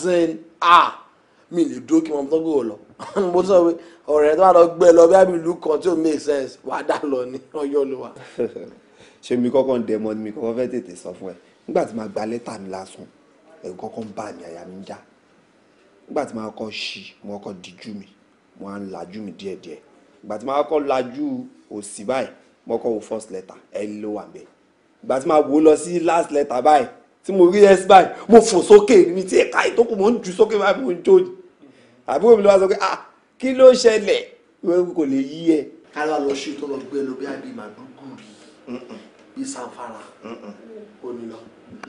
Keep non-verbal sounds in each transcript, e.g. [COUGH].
percent ah mi lè dúró kí wọn tó gbòòrò lọ [LAUGHS] mo sọ pé ọ̀rẹ́ tó bá lọ gbẹ e lọ bí àbí ìlú kan tí ò make sense wà á dà lọ ní ọyọ́ ló wà. [LAUGHS] ṣé mi kọ́kọ́ ń dẹmọ ni mi kọ́kọ́ fẹ́ tètè sọ fún ẹ nígbà tí màá gba lẹ́tà mi lásán ẹ̀rù kọ́kọ́ ń bà mí àyà mi ń já nígbà tí màá kọ́ ṣí mo kọ́ díjú mi mo á ń lajú mi díẹ̀díẹ̀ ìgbà tí màá kọ́ lajú òsì báyìí mo kọ́ wo first letter ẹ ló wà bẹ́ẹ̀ ìgbà tí màá wo lọ sí last letter báyìí tí mo rí s báyìí mo fò sókè mi tí ẹ̀ka ìtókù mo ń ju sókè báyìí mo ń jó ni àbúrò mi ló sọ pé ah kí ló ṣẹlẹ̀ ìwé kò lè yí ẹ. kára lọ ṣe tó lọ gbé lọ bí àbí màdúgùrì bí sanfara ó ní lọ.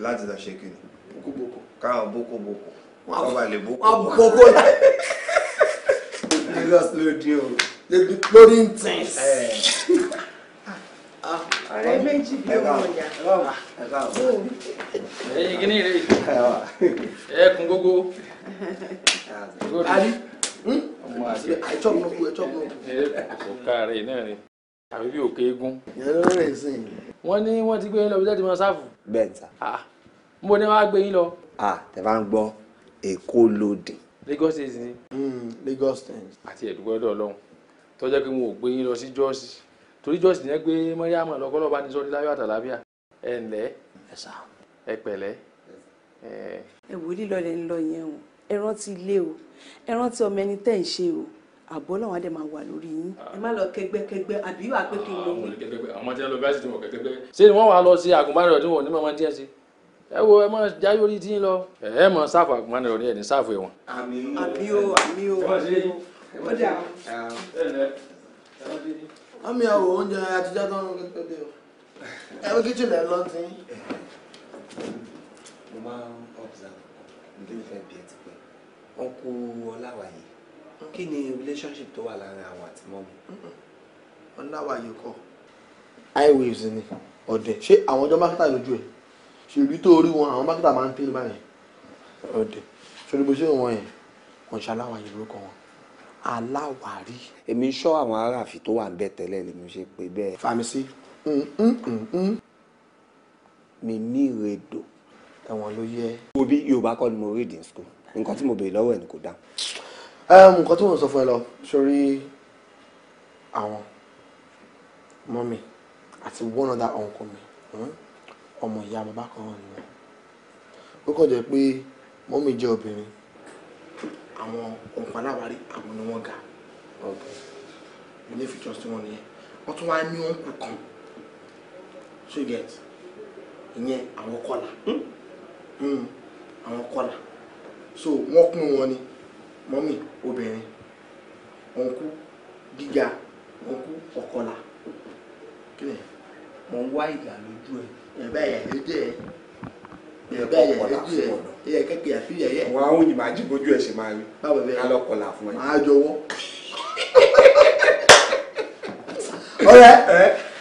láti ta ṣe kiri bókóbókó káwọn bókóbókó wọn bá lè bókóbókó. wọn bókó la lórí ntẹ ọ̀rẹ́ méjì bí ọmọ ìyá ẹ̀yin kí ni ìrè ẹkùn gógó ali ẹjọ mi nọkú ẹjọ mi nọkú. ọkà rẹ náà ni àbí bí òkè eégún. wọ́n ní wọ́n ti gbé yín lọ bí jáde máa ṣáàfù. bẹ́ẹ̀ ni sá. mo ní wàá gbé yín lọ. tẹ̀ bá ń gbọ́ èkó lòdì. Lagos state ni. Hmm, Lagos state. àti ẹ̀dùgbọ́dọ̀ ọlọ́run tọ́jà pé mo ò gbé yín lọ sí jọ́ọ̀sì torí jọ́sìn yẹn gbé mọ́ríàmù lọ́kọ́lọ́ bá ní sọ́rí láyọ̀ àtàlàbíà ẹ ǹlẹ́ ẹ pẹ̀lẹ́. ẹ wò lílọ lẹ ń lọ yẹn o ẹ rántí ilé o ẹ rántí ọmọ ẹni tẹ́ ń ṣe o àbọ̀ làwọn àdè máa wà lórí yín. ẹ má lọ kẹgbẹkẹgbẹ àbí wà pé kí n lọ wí. àwọn tí wọn lọ bí àṣìṣe wọn kẹgbẹgbẹ. ṣé ni wọn wàá lọ sí àgùnbánirọ̀ tí wọn ò ní mọ̀ wọn díẹ̀ sí ẹ wo ẹ mọ jáyé orí tíyín lọ ẹ mọ sáfù àgùnbánirọ̀ ní ẹni sáfù ẹ̀wọ̀n. àmì o àmì o àmì o. ẹ wọ́n dà. ẹ ẹ wọ́n dé ní àmì àwò oúnjẹ àtijọ́ tó ń rún kékeré dé o ẹ̀rọ kíchìn lẹ̀ lọ sí. mo máa ń observe nítorí mo fẹ́ bí ẹ ti pẹ́ wọ́n kú ọláwàyè kí ni relationship tó wà láàárín àwọn àti mọ́mú. ọláwàyè kọ. highways ni ọ̀dẹ̀ ṣé àwọn ọjọ́ mákítà lójú ẹ̀ ṣèlú tó rí wọn àwọn mákítà máa ń pín báyìí ọ̀dẹ̀ ṣòlùbọ̀ṣẹ́ wọn yẹn wọ́n ṣaláwàyè lórúkọ wọn aláwárí. èmi ń ṣọ́ àwọn aráàfin tó wà ń bẹ tẹ́lẹ̀ ni mo ṣe pé bẹ́ẹ̀. fàmì sí mi ní ìrèdò ẹ̀wọ̀n ló yẹ. mo bí yorùbá kọ́ ni mo read in school nǹkan tí mo béèrè lọ́wọ́ ẹ̀ ni kò dáhùn. nǹkan tí mo sọ fún ẹ lọ sórí àwọn mọ́mì àti one other uncle mi hmm? ọmọ ìyá bàbá kan ni wọ́n ó kàn jẹ́ pé mọ́mì jẹ́ obìnrin àwọn òǹkà aláwárí àwọn ni wọ́n ga ilé ìfijọ́ sí wọn nìyẹn wọ́n tún wá ní òǹkù kan so you get ìyẹn àwọn kọlà hmm? hmm, àwọn kọlà so wọ́n kún wọn ni mọ́mì obìnrin òǹkù gíga òǹkù ọ̀kọlà kílẹ̀ mọ̀ ń wá ìgbà lójú ẹ̀ ẹ̀bá ẹ̀ lójú ẹ̀ ẹ̀bá ẹ̀ lójú ẹ̀ ẹyẹ kẹkẹ àfi yẹyẹ. àwọn àwọn òyìnbó ajíbojú ẹ ṣe máa rí kálọ kọlà fún ẹ. màá jọ wọ. ọ̀rẹ́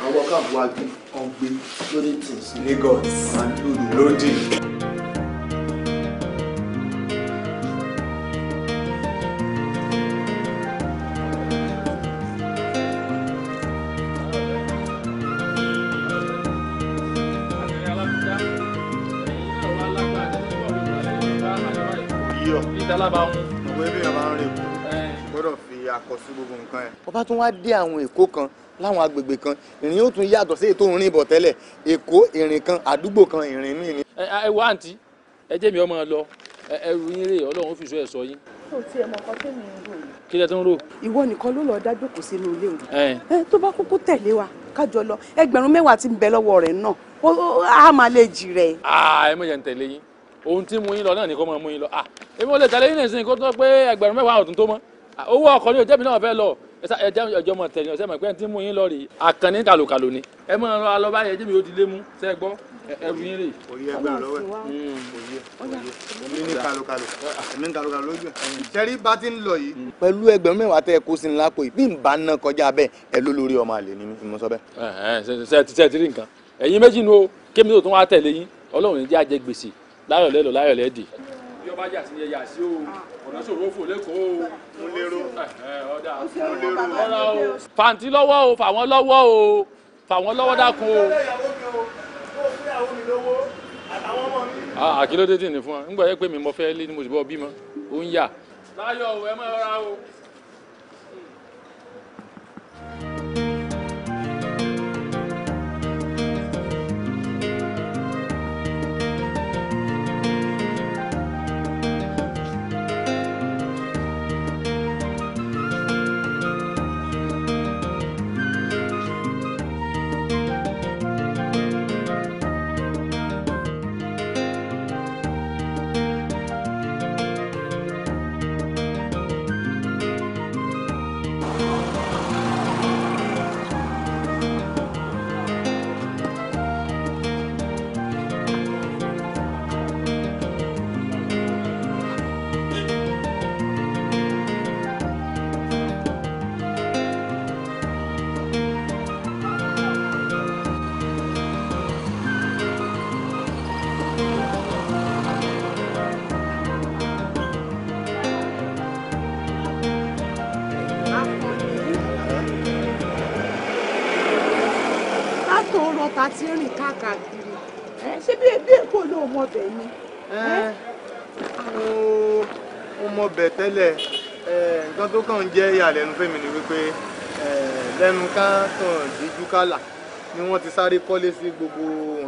àwọn kan wájú ọgbẹ lórí tìǹsì Lagos lódì. bá mú. òwe bí èèyàn bá ń rìn kú gbọ́dọ̀ fi àkọsí gbogbo nǹkan ẹ̀. ọba tún wá dé àwọn èkó kan láwọn agbègbè kan ìrìn yóò tún yàtọ̀ sí ètò ìrìn ìbọ̀ tẹ́lẹ̀ èkó ìrìn kan àdúgbò kan ìrìn míì ni. ẹ wá àǹtí ẹ jẹ́ mi ọmọ lọ ẹrù yín rè ọlọ́run fi sọ ẹ̀ sọ yín. kò tiẹ̀ mọ̀ nǹkan tẹ̀mí ń rò yìí. kí lẹ tó ń rò. ìwọ nìkan ló lọ dá jókòó sínú ilé òun. ẹ tó bá kúkú tẹ̀lé wa kájọ lọ ẹgbẹ̀rún mẹ́wàá ti ń bẹ lọ́wọ́ rẹ̀ náà a máa lè jì rẹ̀. ẹ mọ̀ yẹn ń tẹ̀lé yín ohun tí mú yín lọ náà ni kó máa mú yín lọ à èmi ò lè tẹ̀lé yín nìsín kó tó pé ẹgbẹ̀rún mẹ́wàá ọ̀tún tó mọ́ owó ọkọ̀ ni òjẹ́ mi náà fẹ́ lọ ẹjọ́ mọ̀ tẹ̀lé ọ̀sẹ̀ mọ̀ pé tí mú yín lọ rèé àkànní kàlùkàlù ni ẹ mọ̀ ọ́n lọ báyẹn jẹ́mi ó di lé mú sẹ́ gbọ́ ẹrù yín rèé. ẹgbẹ́ àlọ́wẹ́ òye kàlùkàlù èmi kàlùkàlù lójú ẹ̀ sẹ́rí bá ti ń lọ yìí. pẹ̀lú ẹgbẹ̀rún mẹ́wàá tẹ́ kó sí lápò yìí bí n bá ná kọjá bẹ́ẹ̀ ẹ ló lórí ọmọ àlè ni mo sọ bẹ́ẹ̀. ẹ̀yin méjì nu o kémi tó tún wá tẹ̀lé yín Ọlọ́run ní jẹ́ àjẹgbèsè láyọ̀lẹ́ lọ láyọ̀lẹ́ dì. bí ọba jà sí yẹyà sí o ọ̀nà ṣòro fò lẹ́kọ̀ọ́ o. mo lérò ọ̀dà mo lérò ọ̀rọ̀ o. fàǹtí lọ́wọ́ o fàwọn lọ́wọ́ o fàwọn lọ́wọ́ dákun o. àkìlódé dì ní fún ọ nígbà yẹ pé mi mọ fẹ́ lé ni mo sì bọ́ bímọ ó ń yà. láyọ̀ o ẹ máa rà o. tó kàn ń jẹ́ ìyàlẹ́nu fẹ́mi ni wípé eh, lẹ́nu ká kàn díjú kálà ni wọ́n ti sáré kọ́lé sí gbogbo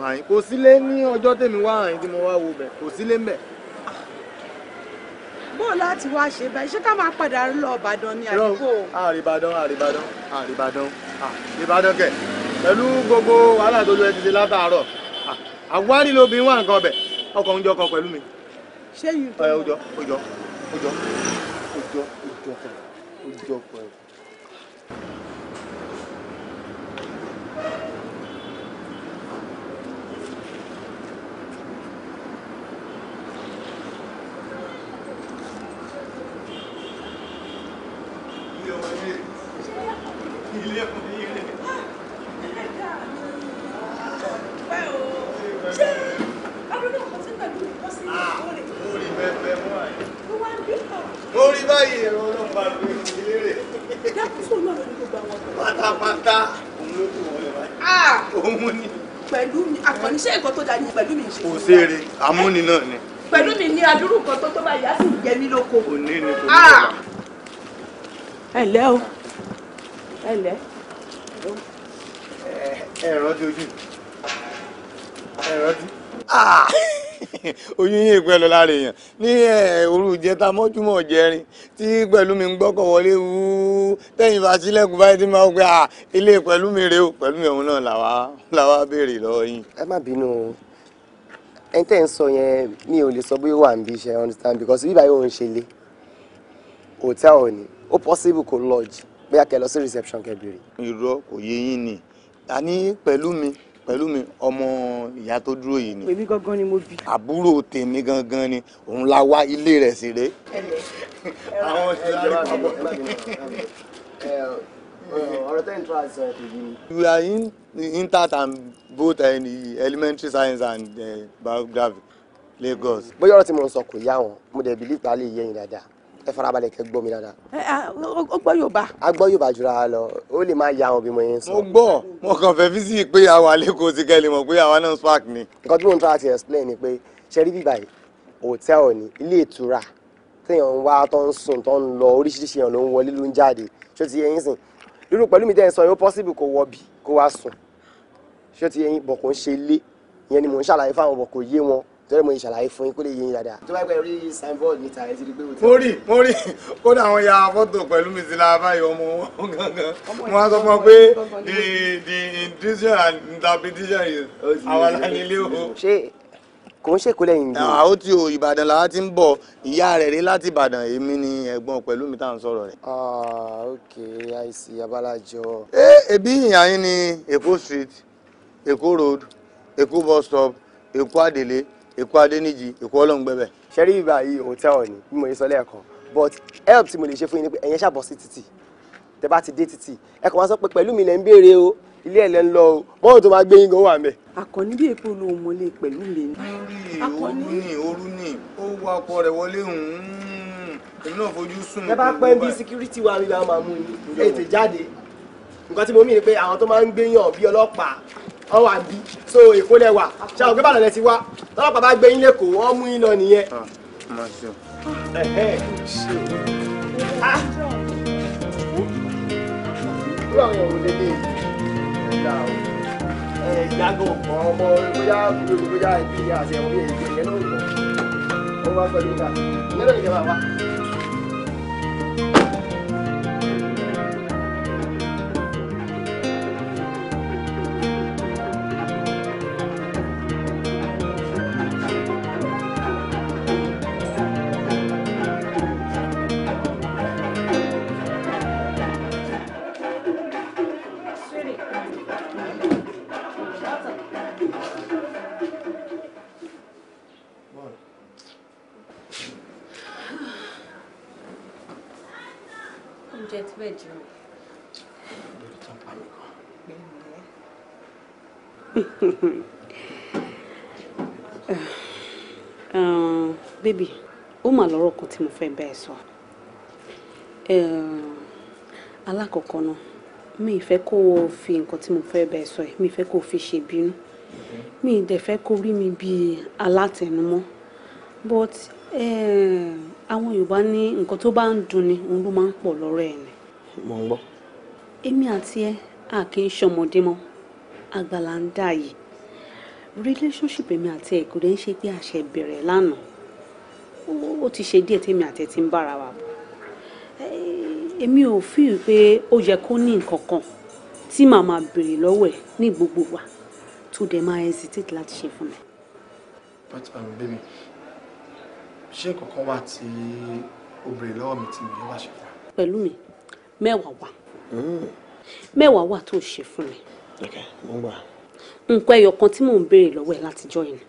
àyín kò sílé ní ọjọ́ tèmi wá àyín tí mo wá wo bẹ̀ kò sílé ń bẹ̀. bó o láti wá ṣe bẹ́ẹ̀ ṣé ká máa padà lọ Ìbàdàn ní àdúgbò. àrìbàdàn àrìbàdàn àrìbàdàn àrìbàdàn kẹ pẹ̀lú gbogbo wàhálà tó lọ ẹ ti ṣe látàárọ̀ àwárí lóbìnrin wà nǹkan ọbẹ̀ ọkọ̀ oúnjẹ ọkọ̀ pẹ̀lú mi. ṣé yìí tó ń bọ̀ ọjọ́ ọjọ́ ọjọ́ ọjọ́. теплая. Нелепо. mú ni. pẹ̀lú mi àkànní ṣé nǹkan tó dáa ni pẹ̀lú mi ṣe. kò séere amúni náà ni. pẹ̀lú mi ní adúrú kan tó tó bá yá sí jẹ mí lóko. kò ní ni kò ní bàbá. Ah! ẹ lẹ́ o ẹ lẹ́. ẹ ẹ rántí ojú ẹ rántí oyún yìí pẹ́ lọ lára èèyàn ní òru ìjẹta mọ́júmọ́ jẹrin tí Pẹ̀lúmi ń gbọ́kọ̀ wọlé wú tẹ́yìn bá báyìí tí máa gbé ilé Pẹ̀lúmi rèé o Pẹ̀lúmi òun náà làwa làwa béèrè lọ́wọ́ yín. ẹ má bínú o ẹni tẹ́ ń sọ yẹn mi ò lè sọ bí ó wà níbi iṣẹ́ understand because bíbá yóò ń ṣe lé hòtẹ́ẹ̀lì ni ó possible kò lodge bóyá kẹ lọ sí reception kẹ bèrè. irọ́ kò yé yín ni àní Pẹ̀lúmi pẹ̀lú mi ọmọ ìyá tó dúró yìí ni. èmi gangan ni mo bí. àbúrò tèmi gangan ni òun la wá ilé rẹ̀ sí rè. àwọn ti lárí pàbọ. ọ̀rọ̀ tẹ́yìn tó àìsàn ẹ̀ tó yí we are in, in that and both uh, elementary science and uh, biography Lagos. bóyá ọ̀rọ̀ tí mo sọ kò yá wọn mo dẹ̀ bìlí ìpàlẹ̀ yẹ̀yìn dáadáa ẹ farabalẹ̀ kẹ́ gbọ́ mi dáadáa. ó gbọ́ yorùbá. a gbọ́ yorùbá jura lọ ó lè máa ya àwọn bímọ yẹn sọ. mo gbọ́ mo kàn fẹ́ físì pé àwọn àlékò ti kẹ́ lè mọ̀ pé àwa náà spark ni. nǹkan tí mo ń tọ́ àti explain ni pé ṣẹ́rí bíbá yìí hòtẹ́ẹ̀lì ni ilé ìtura téèyàn ń wá tó ń sùn tó ń lọ oríṣiríṣi èèyàn ló ń wọlé ló ń jáde ṣó ti yẹn sìn irú pẹ̀lú mi dẹ́n sọ possible kó wọ bí kó wá sùn ṣó ti yẹn tọ́lẹ̀ mo ṣàlàyé fún yín kó lè yé yín dáadáa. tó bá pẹ́ rí signboard níta ẹ ti rí pé o ti. mo rí mo rí kódà àwọn ya fọ́tò pẹ̀lú mi sí láàbáyé ọmọ [LAUGHS] gangan mo wá sọ fún ọ pé the the intuition and interpretation is àwọn alánilé o. ṣé kò ń ṣèkó lẹ́yìn ìgbìmọ̀. àwọn tí o ìbàdàn làwọn ti ń bọ̀ ìyá rẹ̀ rí láti ìbàdàn èmi ni ẹ̀gbọ́n pẹ̀lú mi tá sọ̀rọ̀ rẹ̀. Ah, ok àìsí abalajọ. ẹ ẹbí ìyàyín ni èkó street èkó road èkó bus stop èkó àdèlé èkó adéníjì èkó ọlọ́ngbẹ́bẹ̀. ṣẹ́rí ibà yìí hòtẹ́ẹ̀lì ni bí mo yẹ sọ lẹ́ẹ̀kan but help tí mo lè ṣe fún yín ni pé ẹ̀yin ṣàbọ̀ sí títì tẹ bá ti dé títì ẹ kàn wá sọ pé pẹ̀lú mi lẹ́ ń béèrè o ilé ẹ̀ lẹ́ ń lọ o mọ́tò tó máa gbé yín gan wà mẹ́. àkànní bí èpo ló mọ lé pẹ̀lú mi. orú ni orú ni ó wọ ọkọ rẹ̀ wọlé èmi náà fojú sùn. ẹ bá pẹ́ bí security wa mi bá máa mú yín ètè jáde nǹkan tí mo mì ni pé àwọn tó máa ń gbéyàn bí ọlọ́pàá ọ bí so èkó lẹ wà ṣe àwọn ti wá tọ́lọ́pàá bá gbé yín lẹ́kọ̀ọ́ wọ́n mú yín lọ nìyẹn. Ah, ah. wúrọ̀ àwọn ọ̀rọ̀ lédè ìgbà ìyàgò ọmọ bóyá bóyá ìbí àti ẹ̀wọ̀n yẹn ló ń bọ̀ ó wá pẹ̀lú ìgbà nílò ìjọba wa. bébì ó mà lọ́rọ̀ kan tí mo fẹ́ bẹ́ẹ̀ sọ alákọ̀ọ́kọ́ náà mi ìfẹ́ kó o fi nǹkan tí mo fẹ́ bẹ́ẹ̀ sọ ẹ̀ mi ìfẹ́ kó o fi ṣe bínú mi ìdẹ̀ fẹ́ kó rí mi bíi alátẹnumọ́ but àwọn Yorùbá ní nǹkan tó bá ń dunni òun ló máa ń pọ̀ lọ́rọ̀ ẹ̀ ni. mo ń gbọ́. èmi àti ẹ a kì í ṣọmọdé mọ́ àgbàlá ń dà yìí relationship èmi àti ẹ kò dẹ́ ń ṣe pé àṣẹ bẹ̀rẹ̀ lánàá ó ti ṣe díẹ̀ tèmi àti ẹtí ń bára wa bọ̀ èmi ò fi pé ó yẹ kó ní nǹkan kan tí màá máa béèrè lọ́wọ́ ẹ̀ ní gbogbo wa tó dẹ̀ máa hesitate láti ṣe fún mi. but um, baby ṣé kankan wà tí o béèrè lọ́wọ́ mi tí mi yóò wá ṣe fún wa. pẹ̀lú mi mẹ́wàá wà hmm. mẹ́wàá wà tó ṣe fún mi. ok mo ń gbà. nǹkan ẹyọ kan tí mò ń béèrè lọ́wọ́ ẹ̀ látijọ́ yìí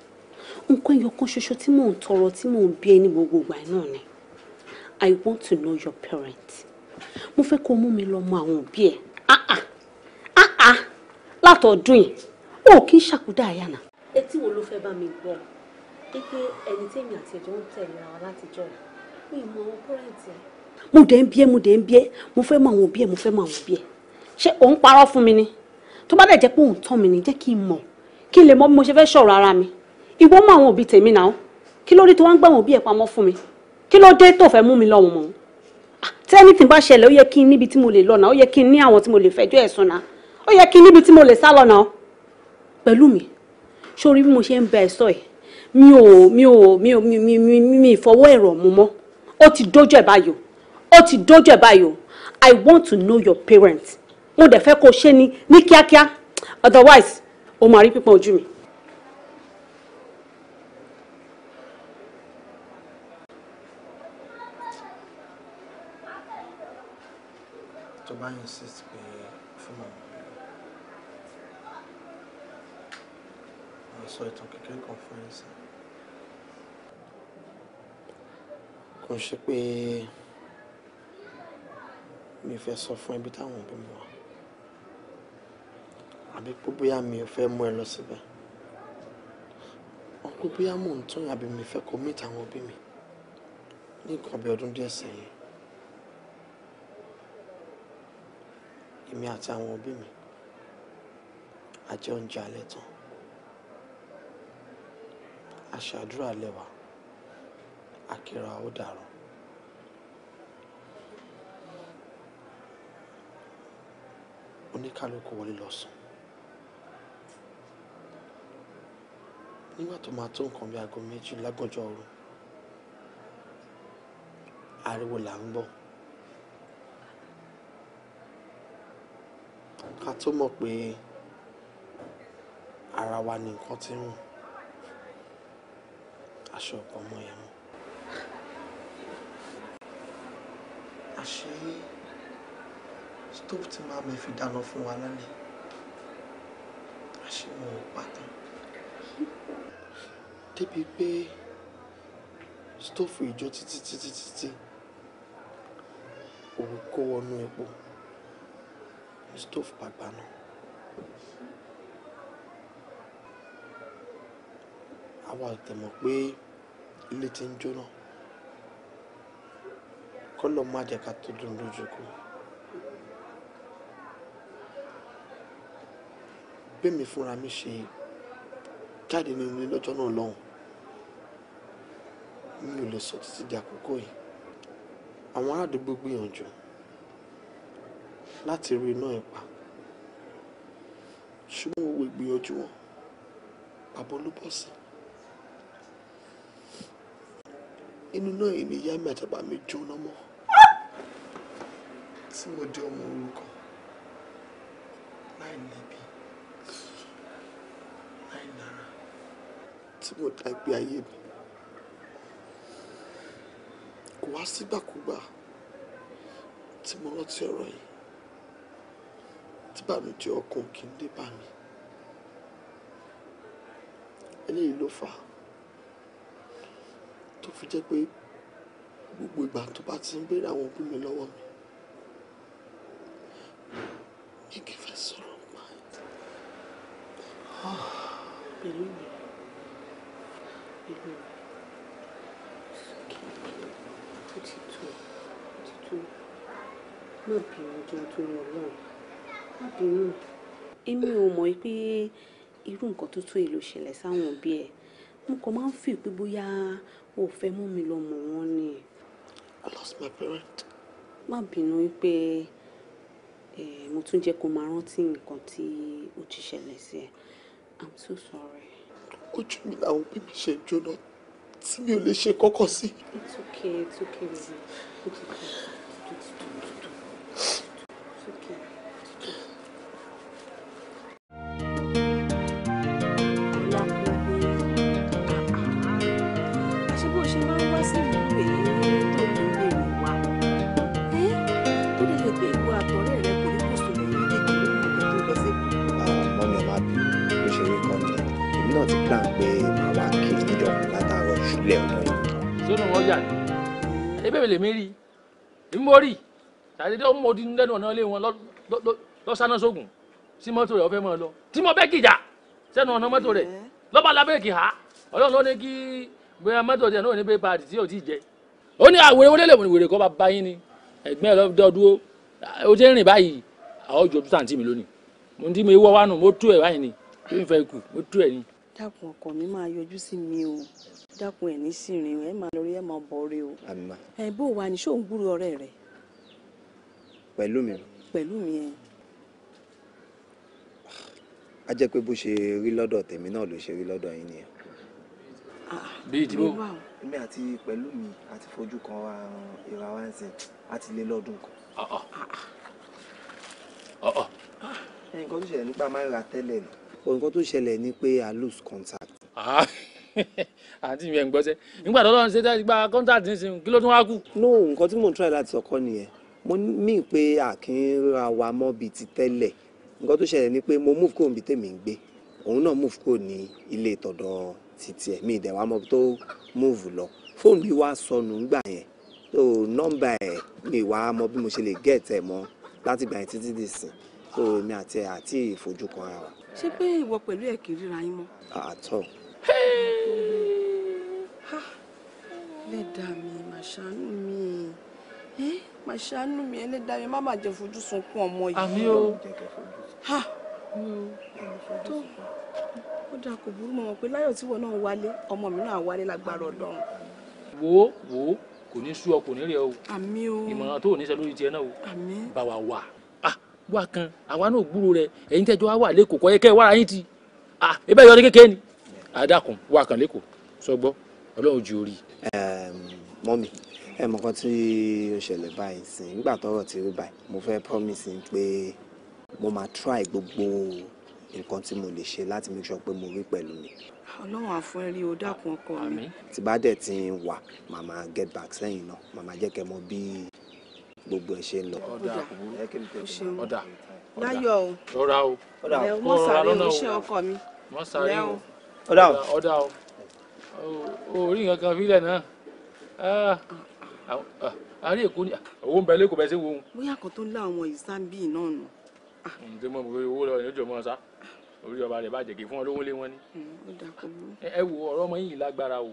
nǹkan ẹyọ ṣoṣo tí mò ń tọrọ tí mò ń bí ẹ gbogbo ìgbà náà ni i want to know your parents mo fẹ́ kó mú mi lọ mọ àwọn òbí ẹ̀ áà áà látọ̀ọ́dún yìí wọn ò kí ń ṣàkúdà àyà náà. etí wo ló fẹ́ bá mi gbọ́ pé ẹni tí èmi àti ẹ̀jọ̀ ń tẹ̀lé ara látijọ́ mi mọ àwọn pẹ́rẹ́ǹtì ẹ̀. mo dẹ̀ ń bí ẹ mo dẹ̀ ń bí ẹ mo fẹ́ mọ àwọn òbí ẹ mo fẹ́ mọ àwọn òbí ẹ ṣé òun parọ́ fún mi ni tó bá dẹ̀ jẹ́ pé òun tán mi ni jẹ́ kí n mọ̀ kí n lè mọ bí mo ṣe fẹ́ sọ̀rọ̀ ara mi ìwọ mọ àwọn òbí tèmi náà kí ló dé tó wá ń gbà wọn bí ẹ pamọ́ fún mi kí ló dé tó fẹ́ mú mi lọ́wọ́ mọ́ ah, tí anything bá ṣẹlẹ̀ ó yẹ kí n níbi tí mo lè lọ náà ó yẹ kí n ní àwọn tí mo lè fẹjọ́ ẹ̀sùn náà ó yẹ kí n níbi tí mo lè sá lọ náà pẹ̀lú mi sórí bí mo ṣe ń bẹ ẹ sọ ẹ mi ò mi ò mi ò mi mi mi mi ìfọwọ́ ẹ̀rọ mu mọ́ ó ti dójú ẹ̀ báyò ó ti dójú ẹ̀ báyò I want to know your parents mo dẹ̀ fẹ́ kó ṣe ni ní kíákíá otherwise o máa rí pípọ́n ojú mi. bá yín sí pé fún mi. Màá sọ ìtàn kékeré kan fún yín sí. Kò ń ṣe pé mi fẹ́ sọ fún ibi táwọn òbí mi wà. Àbí pé bóyá mi ò fẹ́ mú ẹ lọ síbẹ̀. Ọ̀pọ̀ bóyá mò ń tún àbí mi fẹ́ kó mìtà àwọn òbí mi. Ní nǹkan bí ọdún díẹ̀ sẹ́yìn. èmi àti àwọn òbí mi àjẹ oúnjẹ alẹ́ tán àṣàdúrà lẹ́wà àkìrà ó dàrú oníkálukú wọlé lọ sùn nígbà tó máa tó nǹkan bí aago méjì lágbọ̀jọ́ ariwo là ń gbọ́. ká tó mọ̀ pé ara wa ni nǹkan ti rùn aṣọ ọ̀pọ̀ ọmọ yẹn mọ́. àṣé stove tí máa mi fi dáná fún wa lálẹ́ àṣé wọn ò pàtàn débi pé stove ìjọ títí títí títí òun kó wọnú epo estou pàápàá náà. àwa ò tẹ̀ mọ̀ pé ilé ti ń jóná kọ́lọ̀ má jẹ́ ká tó dùn lójú kù. bẹ́ẹ̀mi fúnra mi ṣe jáde nínú ilé lọ́jọ́ náà lọ́hùn mi ò lè sọ títí di àkókò yìí àwọn aládùúgbò gbìyànjú láti rí iná ẹ̀ pa. Ṣùgbọ́n gbogbo ìgbìyànjú wọn, pàbọ́ ló bọ́ sí. Inú náà èmi ìyá mi àti bàbá mi jóná mọ́ tí mo jẹ́ ọmọ òrukàn láì níbi láì lára tí mo dá ìgbé ayé mi. Kò wá sígbàkúgbà tí mo rántí ọ̀rọ̀ yìí tíbànújẹ́ ọkàn kì í dé bá mi eléyìí ló fà á tó fi jẹ́ pé gbogbo ìgbà tó bá ti ń béèrè àwọn òbí mi lọ́wọ́ mi mi kì í fẹ́ sọ̀rọ̀ pa ẹ̀ pẹ̀lú mi pẹ̀lú mi ó ti tó bínú èmi ò mọ̀ pé irú nǹkan tó tó èlò ṣẹlẹ̀ sáwọn òbí ẹ̀ mo kàn máa ń fi pé bóyá o fẹ́ mú mi lọ mọ̀ wọ́n ni. I lost my parent. má bínú pé mo tún jẹ́ kó máa rántí nǹkan tí ó ti ṣẹlẹ̀ sí ẹ I'm so sorry. ojú mi làwọn bíbí ṣe jóná tí mi ò lè ṣe kọ́kọ́ sí. It's okay, it's okay, baby. ṣàdédé ó mú odi lẹ́nu ọ̀nà ilé wọn lọ́sánná sógun sí mọ́tò rẹ̀ ọ̀fẹ́ mọ́ ọ lọ tí mo bẹ́ kìjà sẹ́nu ọ̀nà mọ́tò rẹ̀ lọ́ba lábẹ́ẹ̀kì ha ọlọ́run ló ní kí bóyá mọ́tò tiẹ̀ náà ní pé paadi tí ò tí ì jẹ ó ní àwòrán wọlé lè wèrè kọ́ bá bá yín ni ẹ̀gbẹ́ ẹ̀ dúró ó ti rìn báyìí àwọn ojú ojútà tí mi lónìí mo ti mi wọ́ wánu mo tú ẹ̀ báyìí ni tó ń fẹ́ kù mo tú ẹ̀ ni. dákun ọkọ mi máa o dákun ẹ̀ ní sìnrìn ẹ máa lórí ẹ máa bọ̀ ọ́ rẹ o ẹ bó wa ní ṣóun gbúrò ọ̀rẹ́ rẹ̀ pẹ̀lú mi. pẹ̀lú mi ẹ. a jẹ́ pé bó ṣe rí lọ́dọ̀ tèmi náà ló ṣe rí lọ́dọ̀ yín nìyẹn. Ah, bí ìdìbò. èmi àti pẹ̀lú mi àti fojú kan wa ìra wa ń sìn àti lé lọ́dún kan. Ah, ah. nǹkan tó ṣẹlẹ̀ nípa máa ń ra tẹ́lẹ̀ ni. nǹkan tó ṣẹlẹ̀ ni pé i lose contact [LAUGHS] àti ìyẹn ń gbọ́ sẹ́ nígbà tó lọ́n ṣe tẹ́ gba kọ́ńtàtì nísìnyí kí ló tún wá kù. no nǹkan tí mò ń try láti ọkọ nìyẹn mo mí pé àkínra wa mọ́ bíi ti tẹ́lẹ̀ nǹkan tó ṣẹlẹ̀ ni pé mo move kúrò níbi tèmi ń gbé òun náà move kúrò ní ilé tọ̀dọ̀ títí ẹ̀ mi ìdẹ̀wà mọ́ tó move lọ fóònù mi wá sọnù ńgbà yẹn so nọ́mbà ẹ̀ mi wá mọ bí mo ṣe lè get ẹ̀ mọ́ láti gbà yẹn títí dì sìn so èmi àti ẹ̀ àti ìfojú ara ṣé pé ìwọ pẹ̀lú ẹ̀ kì ríra yín mọ́. àtọ. lẹ́dàá mi màṣánú mi màá ṣàánú mi ẹlẹ́dàá mi má má jẹ́ fojú sunkún ọmọ yìí. àmì o tó ó dáa kò burú mọ́ pé láyọ̀ tíwọ́ náà wálé ọmọ mi náà wálé lágbára ọlọ́run. wo wo kò ní sú ọ kò ní rẹ̀ o àmì o ìmọ̀ràn tó ò ní ṣe lórí tiẹ̀ náà o àmì bá wa wà wá kan àwa náà gbúrò rẹ ẹ̀yin tẹ́jọ́ wá wà lẹ́kọ̀ọ́ kọ́ yẹ kẹ́ ẹ wára yín ti ẹ bẹ́ẹ̀ yọ ní kékeré ni àdàkùn wá kan lẹ́kọ̀ọ́ sọgbọ́ ọlọ́run ju orí. mọ́mì ẹ mọ̀ kan tí ó ṣẹlẹ̀ báyìí sí nígbà tọ́rọ̀ ti rí báyìí mo fẹ́ promise yín pé mo máa try gbogbo nǹkan tí mo lè ṣe láti make sure pé mo rí pẹ̀lú mi. ọlọ́run àfún ẹ rí o dákun ọkọ mi. tí bá dẹ̀ ti wà màmá get back sẹ́yìn náà màmá jẹ́ kẹ́ mọ̀ bí gbogbo ẹ ṣe ń lọ. ọ̀dà ọ̀dà láyọ̀ o rọra o ọ̀dà o mọ̀ sàrẹ̀ o iṣẹ́ ọkọ mi mọ̀ sàrẹ̀ o ọ̀dà o ọ̀dà o orí nǹkan kan fílẹ̀ náà. Ah. Ah àárẹ̀ èkó ni owó ń bẹ lẹ́kọ̀ọ́ bẹ́ẹ̀ sí wo. bóyá kan tó ń lá àwọn ìsábì náà nù. ǹjẹ́ mo bọ̀ owó lọ ìyójọ́ mọ́ sá orí ọba rẹ̀ bàjẹ́ kì í fún ọ lówó lé wọn ni. Hmm, ẹ wo ọ̀rọ̀ ọmọ yìí lágbára o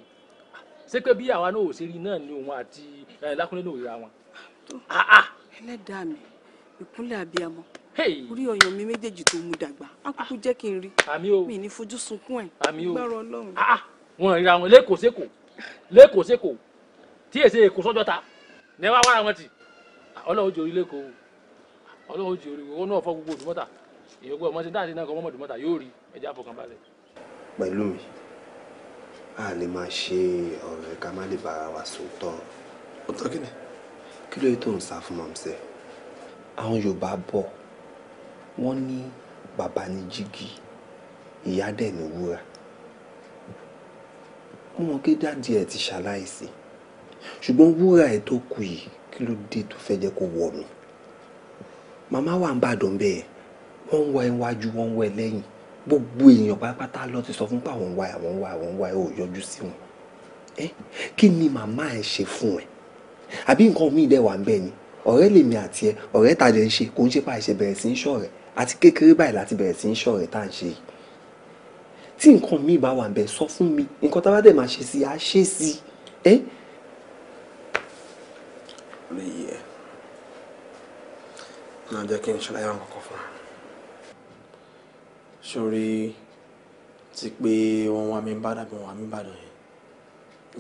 ṣé pé bí àwa náà ò ṣe rí náà ni òun àti lákúnlé náà ò ríra wọn. ẹlẹ́dàá mi ìkúnlẹ̀ abiyamọ orí ọyàn mi méjèèjì tó mú dàgbà á kúkú jẹ́ kí n rí mi ní fojú sunkún ẹ̀ gbọ́rọ̀ ọlọ́run. wọn ríra wọn lẹ́kọ̀ọ́ sẹ́kọ̀ọ́ lẹ́kọ̀ọ́ sẹ́kọ̀ọ́ tí èsè èkó sọ́jọ́ ta ní ẹ wá wá àwọn tì ah, ọlọ́run jòrí lẹ́kọ̀ọ́ ọlọ́run jòrí owó náà fọ́ gbogbo òdùmọ́ta èyí gbọ́ ọmọ ti dáàdé náà kọ́ mọ́mọ́ òdùmọ́ta yóò rí ẹja àfọkàn balẹ̀. pẹ̀lú mi a lè máa ṣe ọ̀rẹ́ ká má lè bára wa sòótọ́ ọ̀tọ́ kí ni kí ló yẹ tó ń sá fún mamsẹ́ àwọn Yorùbá bọ̀ wọ́n ní bàbá ní jígì ìyá dẹ̀ ní wúrà mo mọ̀ pé dáàdì ẹ̀ ti ṣaláìsí ṣùgbọ́n wúrà ẹ̀ tó kù yìí kí ló dé tó fẹ́ jẹ́ kó wọ̀ mí màmá wa ń bàdàn bẹ́ẹ̀ wọ́n ń wá ẹ wájú wọ́n ń wá ẹ lẹ́yìn gbogbo èèyàn pátápátá lọ ti sọ fún pa àwọn ń wá ẹ àwọn ń wá ẹ àwọn ń wá ẹ ò yọjú sí wọn ẹ kí ni màmá ẹ ṣe fún ẹ àbí nǹkan míì dẹ̀ wà ń bẹ̀ ni ọ̀rẹ́ lèmi àti ẹ ọ̀rẹ́ tá a jẹ ń ṣe kò ń ṣe pa ìṣe bẹ̀rẹ̀ sí ń ṣọ̀rẹ́ àti kékeré báyìí láti bẹ̀rẹ̀ sí ń ṣọ̀rẹ́ tá à ń ṣe yìí tí nǹkan míì bá wà ń bẹ̀ sọ fún mi nǹkan tá a bá dẹ̀ máa ṣe sí i á ṣe sí i ẹ́ lè yí ẹ náà jẹ́ kí n ṣàlàyé àwọn kankan fún ẹ sórí ti pé wọn wà mí bàdàn bí wọn wà mí bàdàn yẹn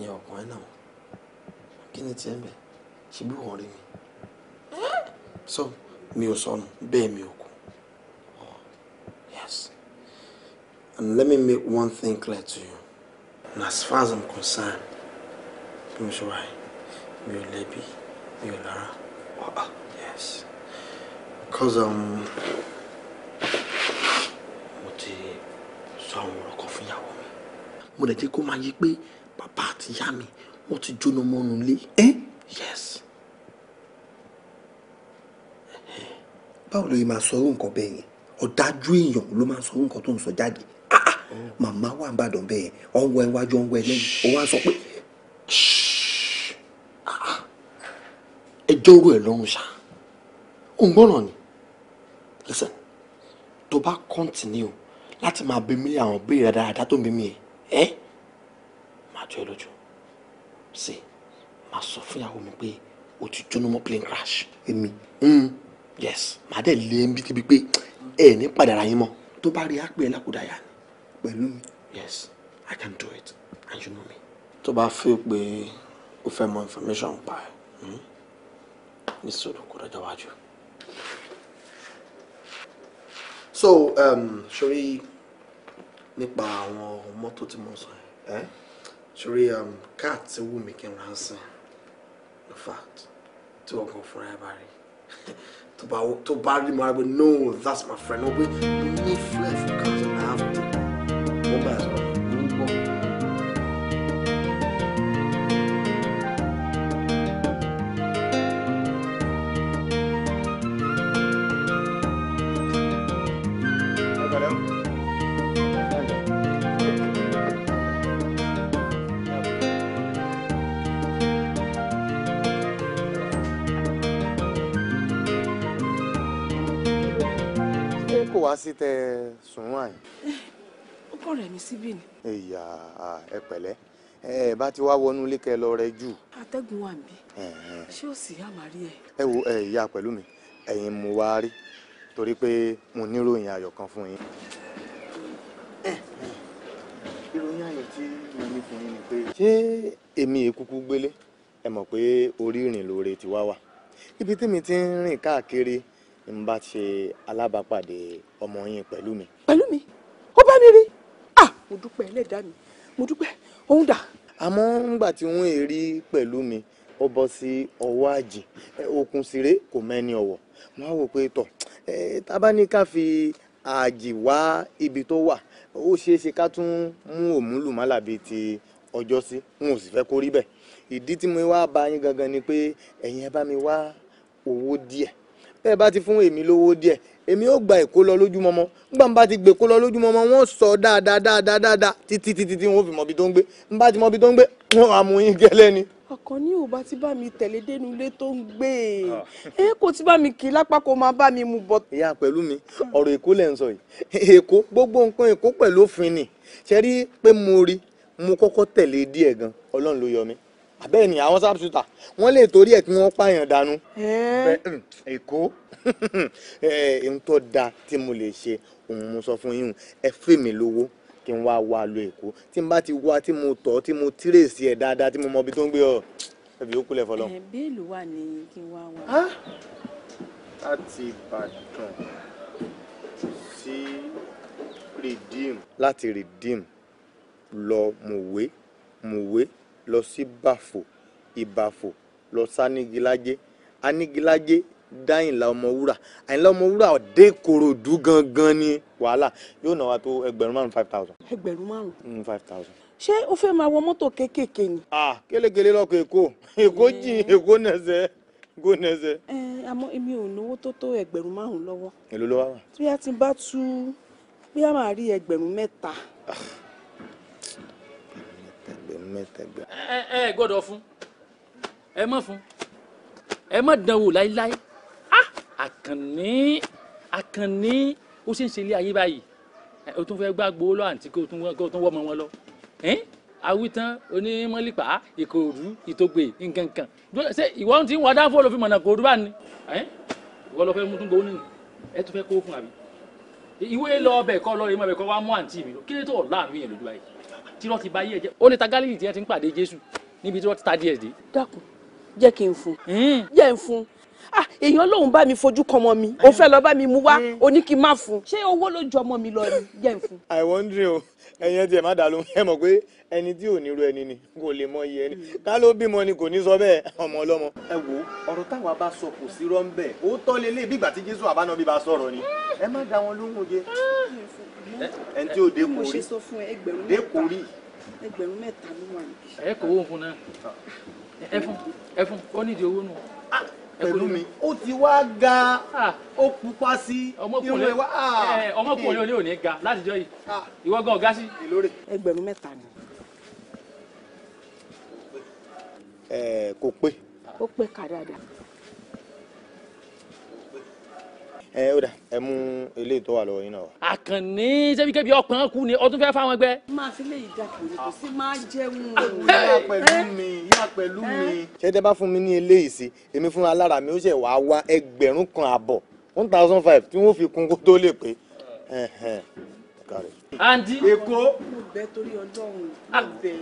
ìyẹn ọkùnrin náà kí ni tiẹ̀ bẹ̀ ṣe bí wọ́n rí mi so mi ò sọnù bẹ́ẹ̀ mi ò kú yes and let me make one thing clear to you and as far as I'm concerned bí mo ṣe wáyé mi ò lẹ́bi mi Lara. lára. Ah, yes Because um, mo ti sọ àwọn ọ̀rọ̀ kan fún ìyàwó mi. mo lè jẹ́ kó máa yí pé bàbá àti ìyá mi wọ́n ti jóná mọ́nu lé. yes. báwo ló yẹ máa sọ irú nǹkan bẹ́ẹ̀ yẹn ọ̀dájú èèyàn ló máa sọ irú nǹkan tó ń sọ jáde ah, ah. Oh. màmá wà ń bàdàn bẹ́ẹ̀ ọ̀wọ́ iwájú ọ̀wọ́ ẹlẹ́yìn ó wá sọ pé jọ́rò ẹ̀ lọ́rùn ṣá ò ń ni listen tó bá continue láti máa bí mi àwọn bí ìrẹ́ dáadáa tó ń bí mi ẹ̀ ẹ́ máa jọ ẹ lójú sí máa sọ fún ìyàwó mi pé o ti jóná mọ́ plane crash èmi hmm, yes màá dẹ̀ lé ẹbí e débi pé ẹ ní padà ara yín mọ́ tó bá rí àpè ẹ̀ lákòdáyà ni pẹ̀lú mi yes I can do it and you know me. tó bá fẹ́ pé o fẹ́ mọ information pa ẹ̀. Mm-hmm ní sùúrù kó dọjọ́ so um, sori nípa àwọn mọ́tò tí mo sọ ẹ́ eh? sori káà um, tí wù mí kí n ránṣẹ́ in fact tí wọ́n kàn fúnra ẹ̀ bá rí [LAUGHS] tó bá mo rà no that's my friend wọ́n pé mo ní fúlẹ̀ fún káàtó náà wọ́n wá sí tẹ sùn wáyé. ó kàn rẹ̀ mí síbí ni. ìyá ẹ pẹ̀lẹ́ ẹ bá ti wá wọnú ilé kẹ lọ rẹ jù. atẹ́gùn wà níbí ṣé ó sì yá màá rí ẹ. ẹ wo ìyá pẹ̀lú mi ẹ̀yin mo wá rí torí pé mo níròyìn ayọ̀ kan fún yín. ìròyìn ayọ̀ tí mo ní fún yín ni pé. ṣé èmi èkúkú gbélé ẹ mọ̀ pé orí ìrìn lóore ti wá wà ibi tí mi ti ń rìn káàkiri ni mo bá ti ṣe alábàápàdé ọmọ yín pẹ̀lú mi. pẹ̀lú mi ó bá mi rí ah mo dúpẹ́ ẹlẹ́dàá mi mo dúpẹ́ òun dà. àmọ́ ńgbà tí wọ́n èrí pẹ̀lú mi ó bọ́ sí ọwọ́ àjìn òkun sire kò mẹ́ni ọ̀wọ̀ mo á wò pé tọ̀ tá a bá ní ká fi àjì wá ibi tó wà ó ṣeé ṣe ká tún mú òmùlùmálà ti ọjọ́ sí n ò sì fẹ́ kó rí bẹ́ẹ̀ ìdí tí mo wá bá yín gangan ni pé ẹ̀yin ẹ bá mi wá owó díẹ̀ bẹ́ẹ̀ bá ti fún èmi lówó díẹ̀ èmi ó gba èkó lọ lójúmọmọ nígbà ń bá ti gbèkó lọ lójúmọmọ wọ́n sọ dáadáa dáadáa dáadáa títí títí tí wọ́n fi mọ tó ń gbé ń bá ti mọ tó ń gbé wọ́n á mú yín gẹ́lẹ́ ni. àkànní ò bá ti bá mi tẹ̀lé dénú ilé tó ń gbé e kò ti bá mi kì í lápá kó máa bá mi mu bọ. ìyá pẹ̀lú mi ọ̀rọ̀ èkó lẹ̀ ń sọ yìí èkó gbogbo nǹkan èkó pẹ̀lú òfin ni ṣe rí pé mo rí mo kọ́kọ́ tẹ̀lé díẹ̀ gan ọlọ́run ló yọ mi bẹ́ẹ̀ ni àwọn sharpshooter wọ́n lè torí ẹ̀ kí wọ́n pààyàn dànù. Hmm, èkó [LAUGHS] ohun tó da tí mo lè ṣe òun mo sọ fún yín ẹ fẹ́ mi lówó kí n wá wá lọ èkó tí n bá ti wá tí mo tọ̀ tí mo tírèsì ẹ̀ dáadáa tí mo mọ ibi tó ń gbé ọ ẹbí ó kulẹ̀ fọlọ́. bẹ́ẹ̀lù wà ní kí n wá wá. Ah! láti ìbàdàn sí redeem láti redeem lọ mọ̀wé mọ̀wé lọ sí báfò ìbàfò lọ sánigilájé anigilájé dáyìnlá ọmọwúrà àyìnlá ọmọwúrà dé korodu gangan ni wàhálà yóò náwó tó ẹgbẹ̀rún márùn five thousand. ẹgbẹ̀rún márùn. Mm, five thousand. ṣé o fẹ́ máa wọ mọ́tò kéékèèké ni. ah kélekèlé lọkọ èkó èkó jìn eh. èkó nẹsẹ èkó nẹsẹ. ẹ eh, àmọ́ èmi ò náwó tó tó ẹgbẹ̀rún márùn lọ́wọ́. èló ló wà. bí a ti bá tú bí a máa rí ẹgbẹ̀rún mẹ́ta. Ah mẹ́ta ẹgbẹ̀rún mẹ́ta ẹgbẹ̀rún. ẹ ẹ gbọ́dọ̀ fún ẹ mọ̀ fún ẹ mọ̀ dánwò láíláí ah! àkànní àkànní ó ṣe ń ṣe ilé ayé báyìí o tún fẹ́ gbá gbowó lọ àǹtí kó o tún wọ́ ọmọ wọn lọ awitan onímọ̀lípà ìkòrú ìtògbè nkankan ṣé ìwọ ti ń wọ dáńfó ló fi mọ̀nà kòrú bá ní ìwọ lọ fẹ́ mú tún gbowó nínú ẹ tún fẹ́ kó fún àbí ìwé lọ ọbẹ̀ kọ́ lọ́ọ́ ìmọ̀ ọbẹ̀ kọ́ wá mú àǹtí mi lọ kí ló tó ọ̀ láàrin yẹn lójú báyìí tí wọ́n ti bá yé ẹ jẹ́ ó ní ta Gálílì tí wọ́n ti ń pàdé Jésù níbi tí wọ́n ti ta díẹ̀ dé. dákun jẹ́ kí n fún hmm. jẹ́ n fún ah èèyàn lòun bá mi fojú kan ọmọ mi o hmm. fẹ́ lọ bá mi mú wá hmm. oní kí n má fún ṣé owó ló ju ọmọ mi lọ ni jẹ́ n fún. i wonder o ẹyin ẹtì ẹ má dà lóhùn ẹ mọ̀ pé ẹni tí ò ní ro ẹni ni kò lè mọ iye ẹni ká ló bímọ ni kò ní sọ bẹ́ẹ̀ ọmọ ọlọ́mọ. ẹ wo ọ̀rọ̀ táwa bá sọ kò sí rọ́ńbẹ́ ó tọ́ lélẹ́ẹ̀ bí ìgbà tí Jésù àbánọ́bí bá sọ̀rọ̀ ni ẹ má dá wọn lóhùn oje ẹni tí ó dé kò rí dé kò rí. ẹgbẹ̀rún mẹ́ta ló wà níbi. ẹ kò wó fún náà ẹ fún ẹ fún ó nídìí owó nù. Ah, pẹ̀lú mi ó ti wá ga ah. ó pupa sí irun ẹ wá. Ah. Eh, eh, ọmọkùnrin olè ò ní ga látijọ́ yìí ìwọ gan ọ̀gá sí. ẹgbẹ̀rún mẹ́ta ni. Eh, kò pé. ó pé kà ẹ ó dà ẹ mú eléyìí tó wà lọ́wọ́ yín náà. àkànní sẹ́bíkẹ́bí ọkùnrin kú ni ọdún fẹ́ẹ́ fáwọn ẹgbẹ́. máa fi léyìí dàpọ̀ kò sí máa jẹun. yá pẹ̀lú mi yá pẹ̀lú mi. ṣé bá fún mi ní eléyìí sí èmi fúnra lára mi ó ṣe wàá wá ẹgbẹ̀rún kan àbọ̀ one thousand five tí wọ́n fi kún kó tó lè pé kárẹ̀. èkó. mo bẹ torí ọlọ́run mo bẹ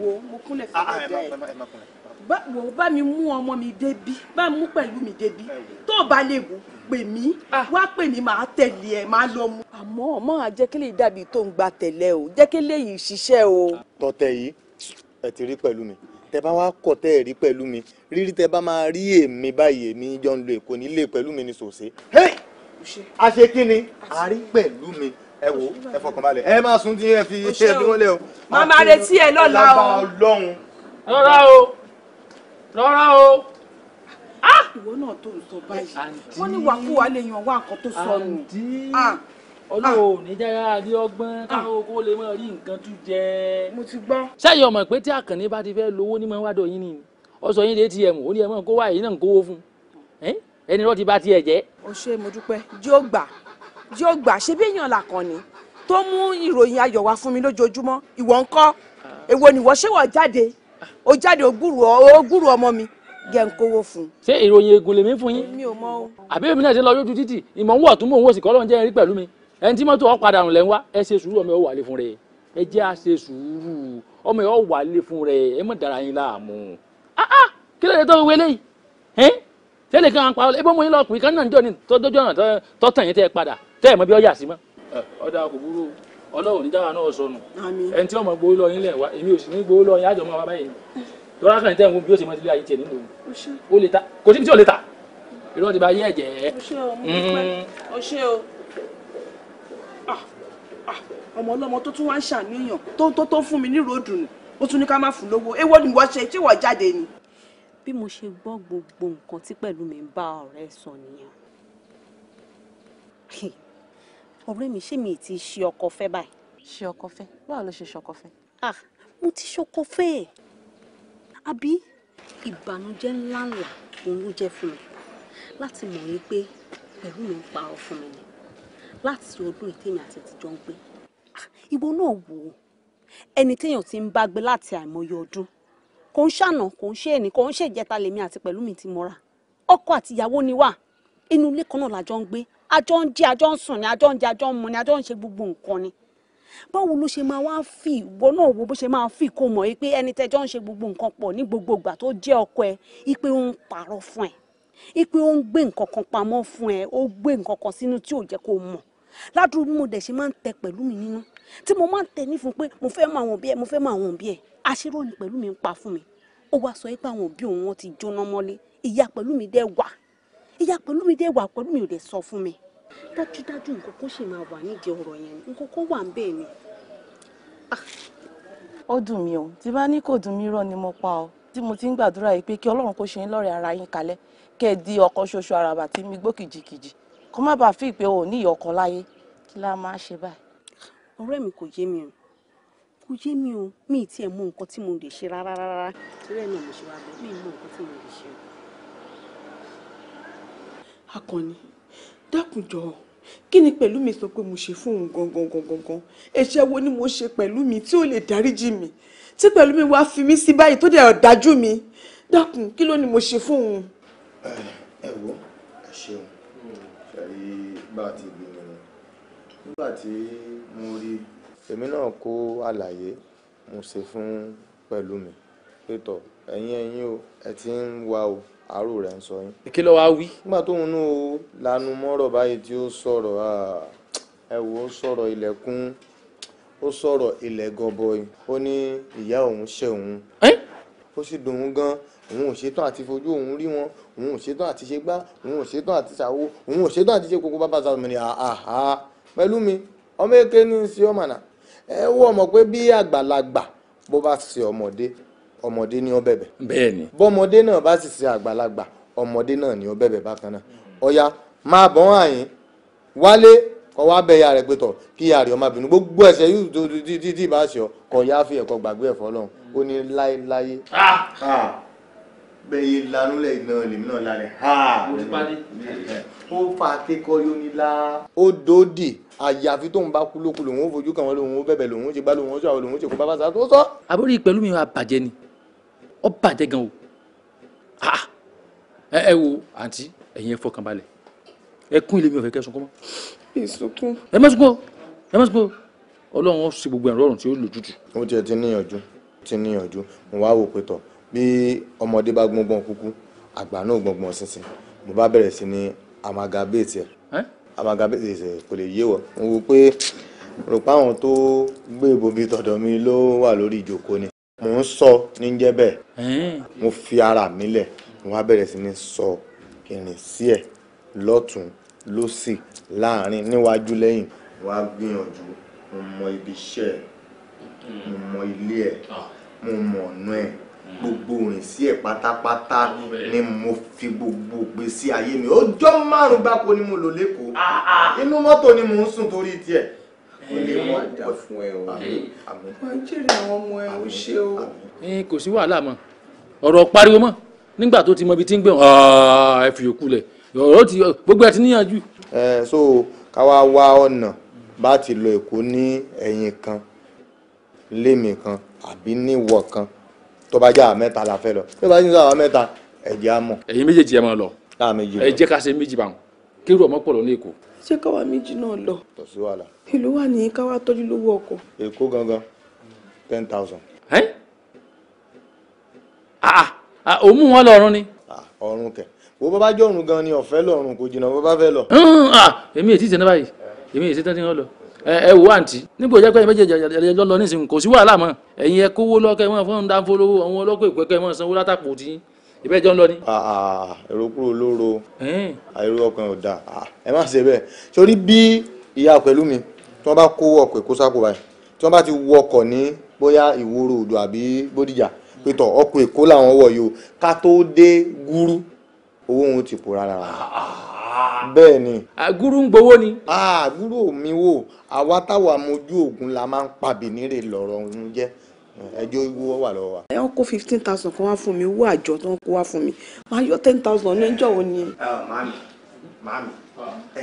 wo mo kúnlẹ̀ fún ọjà ah, ah, ẹ̀ wò bá mi mú ọmọ mi débi bá mi mú pẹ̀lú mi débi tó bá lè wò pè mí ah. wá pè mí màá tẹ̀lé ẹ̀ máa lọ mu. àmọ́ ọmọ àjẹkẹ́lẹ́ yìí dàbí tó ń gba tẹ̀lẹ́ o jẹ́kẹ́lẹ́ yìí ṣiṣẹ́ o. tọ́tẹ̀ yìí ẹ ti rí pẹ̀lú mi tẹ bá wá kọ̀ tẹ́ ẹ̀ rí pẹ̀lú mi rírí tẹ bá máa rí èmi báyìí èmi jọ ń lo èkó nílé pẹ̀lú mi ni sòsé. a ṣe kí ni a rí pẹ̀lú mi ẹ wo ẹ fọkàn balẹ̀ ẹ máa sun tí ẹ fi ṣe é dúró lẹ́ o. màmá retí ẹ lọ́la o rọra o. Ah! ìwọ náà tó ń sọ báyìí wọ́n ní wàkúwà lè yan wá nǹkan tó sọnù. olówó ah! ah! ò ní dára rí ọgbọ́n káwọn oko lè máa rí nǹkan tún jẹ. mo ti gbọ́. sẹ́yìn ọmọ pé tí àkànní bá ti fẹ́ lówó ní máa yín ni ó sọ yín dé atm ó ní ẹ̀ kó wá èyí náà ń kówó fún ẹni lọ́ọ́ ti bá tiẹ̀ jẹ́. o ṣe mo dúpẹ́ yóò gbà yóò gbà ṣé bí èèyàn làkànnì tó mú ìròyìn ayọ̀ wá fún mi lójoojúmọ́ ìwọ ńkọ́ èwo nìwọ ṣé wọ́n jáde o jáde ogúrú ọmọ mi jẹ́ n kówó fún. ṣé ìròyìn ègùn lèmi fún yín. mi ò mọ o. àbí èmi náà ṣe lọ yójú títì ìmọ̀ ń wọ̀ tún mò ń wò sí kọ́ lóun jẹ́ rí pẹ̀lú mi ẹni tí mọ́tò ọ̀padà rùn lẹ́ ń wá ẹ ṣe sùúrù ọmọ ẹ wà lé fún rẹ ẹ jẹ́ à ṣe sùúrù ọmọ ẹ wà lé fún rẹ ẹ mọ̀ dára yín láàmú. Ah, ah, kí ló dé tó wọlé yìí tẹ́lẹ̀ kan pa ebó mo yín lọ ọkùnrin kan náà ń jọ ní tọ́jọ́ náà tọ́tàn yín tẹ́ padà tẹ́ ẹ̀ mọ bí ọ yà sí mọ́. ọ̀dà kò burú o ọlọ́run níjà náà sọnù ẹni tí ọmọ gbowó lọ yín lẹ̀ wá èmi ò sì ní gbowó lọ yín àjọ máa wá báyìí lọ́la kan tẹ̀ ń wo bí ó ṣe mọ ilé ayé tiẹ̀ nínú o lè ta kò sí tí o lè ta irọ́ ti ba yé ẹ̀jẹ̀. o ṣe o mm-hmm. ah, ah, ọmọ ọlọ́mọ tó tún wá ń ṣàníyàn tó tó tó fún mi ní ròdùnú ó tún ní ká má fún lówó èwo ni wọ́n ṣe ṣé wọ́n jáde ni. bí mo ṣe gbọ́ gbogbo nǹkan tí Pẹ̀lúmi ń bá ọ̀rẹ́ sọ nìyẹn ọ̀rẹ́ mi ṣé mi ti ṣe ọkọ fẹ́ báyìí. ṣe ọkọ fẹ́ báwo ló ṣe ṣọkọ fẹ́. ah mo ti ṣọkọ fẹ́ ẹ̀ àbí ìbànújẹ́ ńláńlá òun ló jẹ́ fún mi láti mọ̀ ní pé pẹ̀lú mi ń parọ́ fún mi ni láti ọdún ìtẹ̀yìn àti ìtìjọ́ ń gbé ah, ìwọ náà wò ó ẹni téèyàn ti ń bá gbé láti àìmọye ọdún kò ń ṣàna kò ń ṣe ẹni kò ń ṣe ìjẹta lèmi àti pẹ̀lú mi ti mọ́ra ọkọ àti ìyàwó ni wà inú ilé kan náà la ń gbé àjọ ń jẹ àjọ ń sùn ni àjọ ń jẹ àjọ ń mu ni àjọ ń ṣe gbogbo nǹkan ni báwo ló ṣe máa wá fì ìwọ náà wo bó ṣe máa fì kó mọ̀ pé ẹni tẹ́jọ́ ń ṣe gbogbo nǹkan pọ̀ ní gbogbo ìgbà tó jẹ́ ọkọ ẹ ipe ó ń parọ́ fún ẹ ipe ó ń gbé nǹkan kan pamọ́ fún ẹ ó gbé nǹkan kan sínú tí ò jẹ́ kó mọ̀ ládùúgbò mo dẹ̀ ṣe máa ń tẹ pẹ̀lú mi nínú tí mo máa ń tẹ ní fún pé mo fẹ́ mọ àwọn òbí ẹ mo fẹ́ mọ àwọn òbí ẹ àṣírò ni pẹ̀lú mi ń pa fún mi ó wá sọ pé àwọn òbí òun ti jóná mọ́lé ìyá pẹ̀lú mi dẹ̀ wà ìyá pẹ̀lú mi dẹ̀ wà pẹ̀lú mi ò dẹ̀ sọ fún mi dájúdájú nǹkan kó sì máa wà nídìí ọ̀rọ̀ yẹn nǹkan kó wà ń bẹ́ẹ̀ ni. Ah. ó dùn mí o tí bá ní kò dùn mí rọ́ ni mo pa ọ tí mo ti ń gbàdúrà yìí pé kí ọlọ́run kó ṣe ń lọ́rẹ̀ ara yín kalẹ̀ kẹ́ ẹ di ọkọ ṣoṣo àràbà tí mi gbó kìjìkìjì kó má bàa fi ìpè òní ìyọkọ láyé kí la máa ṣe báyìí. ọ̀rẹ́ mi kò yé mi o kò yé mi o mi ì tiẹ̀ mọ nǹkan tí mo lè ṣe rárá rárá torí ẹ̀ náà mo ṣe wá bẹ́ẹ̀ mi ì mọ nǹkan tí mo lè ṣe akọni dákùnjọ kí ni pẹ̀lú mi sọ pé mo ṣe fún òun gangan gangan gan ẹ̀ṣẹ̀ wo ni mo ṣe pẹ̀lú mi tí ò lè dáríjì mi tí pẹ̀lú mi wá fi mí sí báyìí tó dẹ̀ ọ̀dájú mi dákùn kí ló ni mo ṣe fún òun. ẹ wo ẹ ṣeun ṣàrí bá a ti gbé mi lọ nígbà tí mo rí. èmi náà kó àlàyé mo ṣe fún pẹ̀lú mi pé tọ̀ ẹ̀yin ẹ̀yin o ẹ ti ń wá o àárò rẹ̀ ń sọ yín. kí ló wá wí. nígbà tóun náà lanu mọ́rọ̀ báyìí tí ó sọ̀rọ̀ ẹ wò ó sọ̀rọ̀ ilẹ̀kùn ó sọ̀rọ̀ ilẹ̀ gọbọi ó ní ìyá òun ṣe òun ó sì dùn ún gan òun ò ṣetán àti fojú òun rí wọn òun ò ṣetán àti ṣe gbá òun ò ṣetán àti ṣàwo òun ò ṣetán àti ṣe kókó bàbá sàmì ni àhà pẹ̀lú mi ọmọ èké ní sí ọmọ náà ẹ wọ ọmọ pé bí àgbàlagbà bó bá ṣe ọmọdé ọmọdé ni ó bẹ̀bẹ̀. bẹ́ẹ̀ni. bọ́mọdé náà bá sì ṣe àgbàlagbà ọmọdé náà ni ó bẹ̀bẹ̀ bákan náà ọ̀ya máa bọ́n àyín wálé kọ́ wá bẹ ya rẹ̀ pé tọ̀ kí ya rẹ̀ ọmọ bínú gbogbo ẹ̀ṣẹ̀ yìí tó ti ti bá ṣe ọ kọ̀ ya fi ẹ̀kọ́ gbàgbé ẹ̀fọ́ lọ́hùn ó ní láéláé. bẹ́ẹ̀ lanúlẹ̀ náà lèmi náà lálẹ́ ó fa akẹ́kọ̀ọ́ yóò ní lá. ó dòdì àyàfi tóun bá kú lókun lòun ó fojú kàn wọ́n lòun ó bẹ̀bẹ̀ lòun ó ṣe gbá lòun ó ṣe àwọn lòun ó ṣe kó bá bá sá tó sọ. àbúrò ìpẹ́lú mi wà bàjẹ́ ni ọ bàjẹ́ gan o ah, ẹ wo àǹtí ẹ̀yin ẹ fọkàn balẹ̀ ẹ kún ilé mi ọ̀fẹ́ kẹsùn kọ́ mọ́. ìsọkún. ẹ má sunkún ẹ má sunkún ọlọ́run ó ṣe gbogbo ẹ̀rọ ọ̀run tí ó lò jújù. ó tiẹ̀ ti níyànjú ti níyànjú mo wá wò pé tọ̀ bí ọmọdé bá gbọ́ngbọ́n kúkú àgbà náà gbọ́ngbọ́n sínsìn mo bá bẹ̀rẹ̀ sí ní amagabéètì ẹ̀ amagabéètì ẹ̀ kò lè yé wọ̀ mo wò pé rò pé àwọn tó gbé ìbomi tọ̀dọ̀ mi ló wà lórí ìjókòó ni mò ń sọ ní jẹ́ bẹ́ẹ̀ mo fi ara mi lẹ̀ mo wá bẹ̀rẹ̀ sí ní sọ ìrìn sí ẹ̀ lọ́tún lọ́sì láàrin níwájú lẹ́yìn wá gbìyànjú mo mọ ibi iṣẹ́ ẹ̀ mo mọ ilé ẹ̀ ah. mo mọ ọ̀nà ẹ̀ hmm. gbogbo rìn sí ẹ̀ pátápátá ni mo fi gbogbo gbèsè ayé mi ọjọ́ márùn-ún gbáko ni mo lò lẹ́kọ̀ọ́ ah, ah. inú mọ́tò ni mo ń sùn torí tiẹ̀ ilé wọn dà fún ẹ o àmín wọn jèrè àwọn ọmọ ẹ o ṣe o. kò sí wàhálà mọ́ ọ̀rọ̀ pariwo mọ́ nígbà tó ti mọ ibi tí ń gbé ẹ fi òkú lẹ̀ ọ̀rọ̀ ti gbogbo ẹ ti níyànjú. ẹ so ká wá wá ọ̀nà bá ti lọ èkó ní ẹ̀yìn kan lémi kan àbí níwọ̀ kan tó bá jẹ́ àwọn mẹ́ta la fẹ́ lọ tó bá jẹ́ àwọn mẹ́ta ẹ̀jẹ̀ á mọ̀. ẹ̀yin méjèèjì ẹ máa lọ ẹ ká ṣe méjì báwọn kí rú ọmọ pọ̀ lọ ní èkó ṣé káwa méjì náà lọ. kò sí wàhálà. èló wà ní káwa tọ́jú lówó ọkọ̀. èkó gangan ten thousand. ẹ ah, ah, ah òun mú wọn lọ́rùn ni. Ah, ọ̀run kẹ̀ wo bá bá jọ òrùn gan ni ọ̀fẹ́ lọ́rùn kò jìnnà bó bá fẹ́ lọ. èmi èyí ti sẹ́ni báyìí èmi èyí ti tán ti ń lọ ẹ wò àǹtí níbo jẹ́ pé ẹ méjèèjì ẹ̀jẹ̀ lọ nísìnyí kò sí wàhálà mọ́ ẹ̀yin ẹ kówó lọ́kẹ́ mọ́ fún dáńfó lówó àwọn ọlọ́kọ̀ ìpẹ́kẹ́ mọ́ sanwó látàpọ̀ tiyín ìbẹ́ jọ ń lọ ni. Ah, ah, èrò kúrò lóró àìrò ah, ọkàn ò dáa ẹ má ṣe bẹ́ẹ̀ sórí bí ìyá pẹ̀lú mi tí wọ́n bá kó ọkọ̀ èkó sápò báyìí tí wọ́n bá ti wọ ọkọ̀ ní bóyá ìwòrò odò àbí bódìjà pé tọ̀ ọkọ̀ èkó làwọn wọ̀ yìí o ká tó dé gúrú owó wọn ti pòórá lára bẹ́ẹ̀ ni. àgúrú ń gbowó ni. àgúrú mi wò àwa táwa mojú ògùn la máa ń pàbí nírè lọ́rọ̀ òun ẹjọ́ ìwúwọ́ wà lọ́wọ́ wa. ẹ ń kó fifteen thousand kan wá fún mi owó àjọ tó ń kó wá fún mi máa yọ ten thousand ní ìjọ wo ni. màmí ah, màmí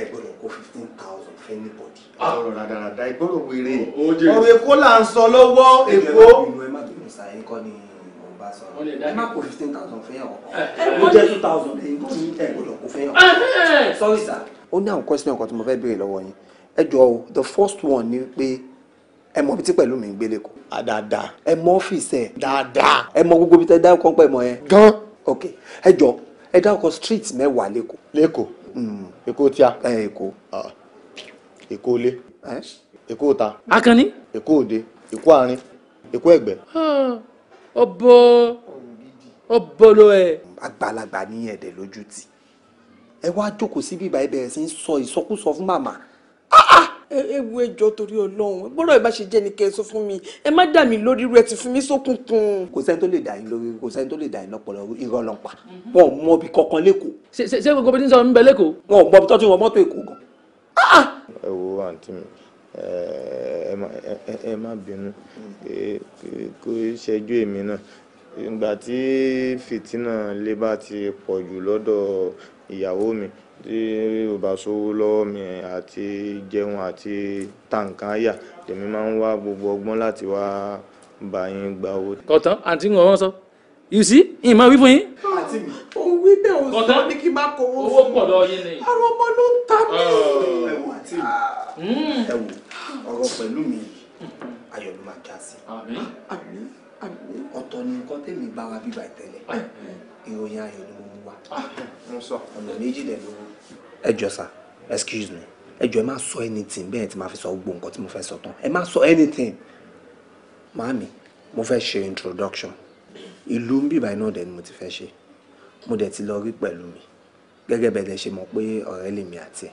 ẹ gbọ́dọ̀ kó fifteen thousand fẹ́ níbọ̀dì. Ah. ọ̀rọ̀ rádaràda ẹ gbọ́dọ̀ wéré ọ̀rọ̀ èkó là ń sọ lọ́wọ́ èkó. ẹ má bínú sa ẹ kọ́ ni mo bá sọ ẹ má kó fifteen thousand fẹ́ yàn kọ́kọ́ mo jẹ́ two thousand ẹ gbọ́dọ̀ kó fẹ́ yàn kọ́kọ́ sorry sir. ó ní àwọn question kan tí mo fẹ́ béèrè lọ́wọ́ yín ẹ jọ̀ọ́ the first one ni pé ẹ mọ̀ bí tí pẹ̀lú mi ń gbélé kọ́ Ah, dáadáa ẹ mọ ọ́fíìsì ẹ dáadáa ẹ mọ gbogbo bí tẹ dá ọkọ pẹ mọ yẹn. gan ok ẹ jọ ẹ dá ọkọ street mẹ́wàá lẹ́kọ̀ọ́. lẹ́kọ̀ọ́ hmm. èkó tíá. ẹ èkó. èkó lé èkó ta. akànni. èkó òde èkó àárín èkó ẹ̀gbẹ́. ọbọ ọbọ ló ẹ. àgbàlagbà ní ẹ̀dẹ̀ lójú tì ẹ wá jókòó síbí ìbá ẹ bẹ̀rẹ̀ sí í sọ ìsọkúsọ fún màmá. ah ah ewu ẹjọ torí Ọlọ́run gbọ́dọ̀ ìbá ṣe jẹ́ ni kẹ́ ẹ sọ fún mi ẹ má dà mí lórí rẹ ti fún mi sókùnkùn. kò sẹ́ni tó lè dà yín lórí kò sẹ́ni tó lè dà yín lọ́pọ̀lọ́ irọ́ ló ń pa wọn ò mọ ibi kankan lẹ́kọ̀ọ́. ṣé ṣé gbogbo bí ti ń sọ ń bẹ lẹ́kọ̀ọ́. wọn ò mọ ibi tó ti wọ mọ́tò èkó gan. Ah, ah! ẹ wo àǹtí mi ẹ má bínú kó ṣẹjú èmi náà ìgbà tí fìtínà lè bá ti pọ̀ jù lọ́dọ̀ ìyàwó tí ò sówó lọ́wọ́ àti jẹun àti ta àyà tèmi máa ń wá gbogbo ọgbọ́n láti wá bá yín gba owó. kọ̀tán àǹtí ń wọ́n sọ you see ìmọ̀ wí fún yín. àti mi wí bẹ́ẹ̀ ò sọ ní kí n má kó owó fún mi owó pọ̀ lọ yín ni. àwọn ọmọ ló ń ta mí. Oh. ẹ àti mi hmm. ẹ wò ọ̀rọ̀ pẹ̀lú mi ló máa já sí. àmín ah, ni nǹkan tẹ̀mí bá wa bíbá ìtẹ̀lẹ̀ ìròyìn ayọ̀ ni mo ọ̀nà excuse me ẹ jọ ẹ má anything Ben, tí màá fi sọ gbogbo nǹkan tí anything Mami, mo fẹ́ ṣe introduction ìlú ń bíbá iná dẹ̀ ni mo ti fẹ́ ṣe mo dẹ̀ ti lọ rí pẹ̀lú mi gẹ́gẹ́ bẹ́ẹ̀ dẹ̀ ṣe mọ̀ pé ọ̀rẹ́ lèmi àti ẹ̀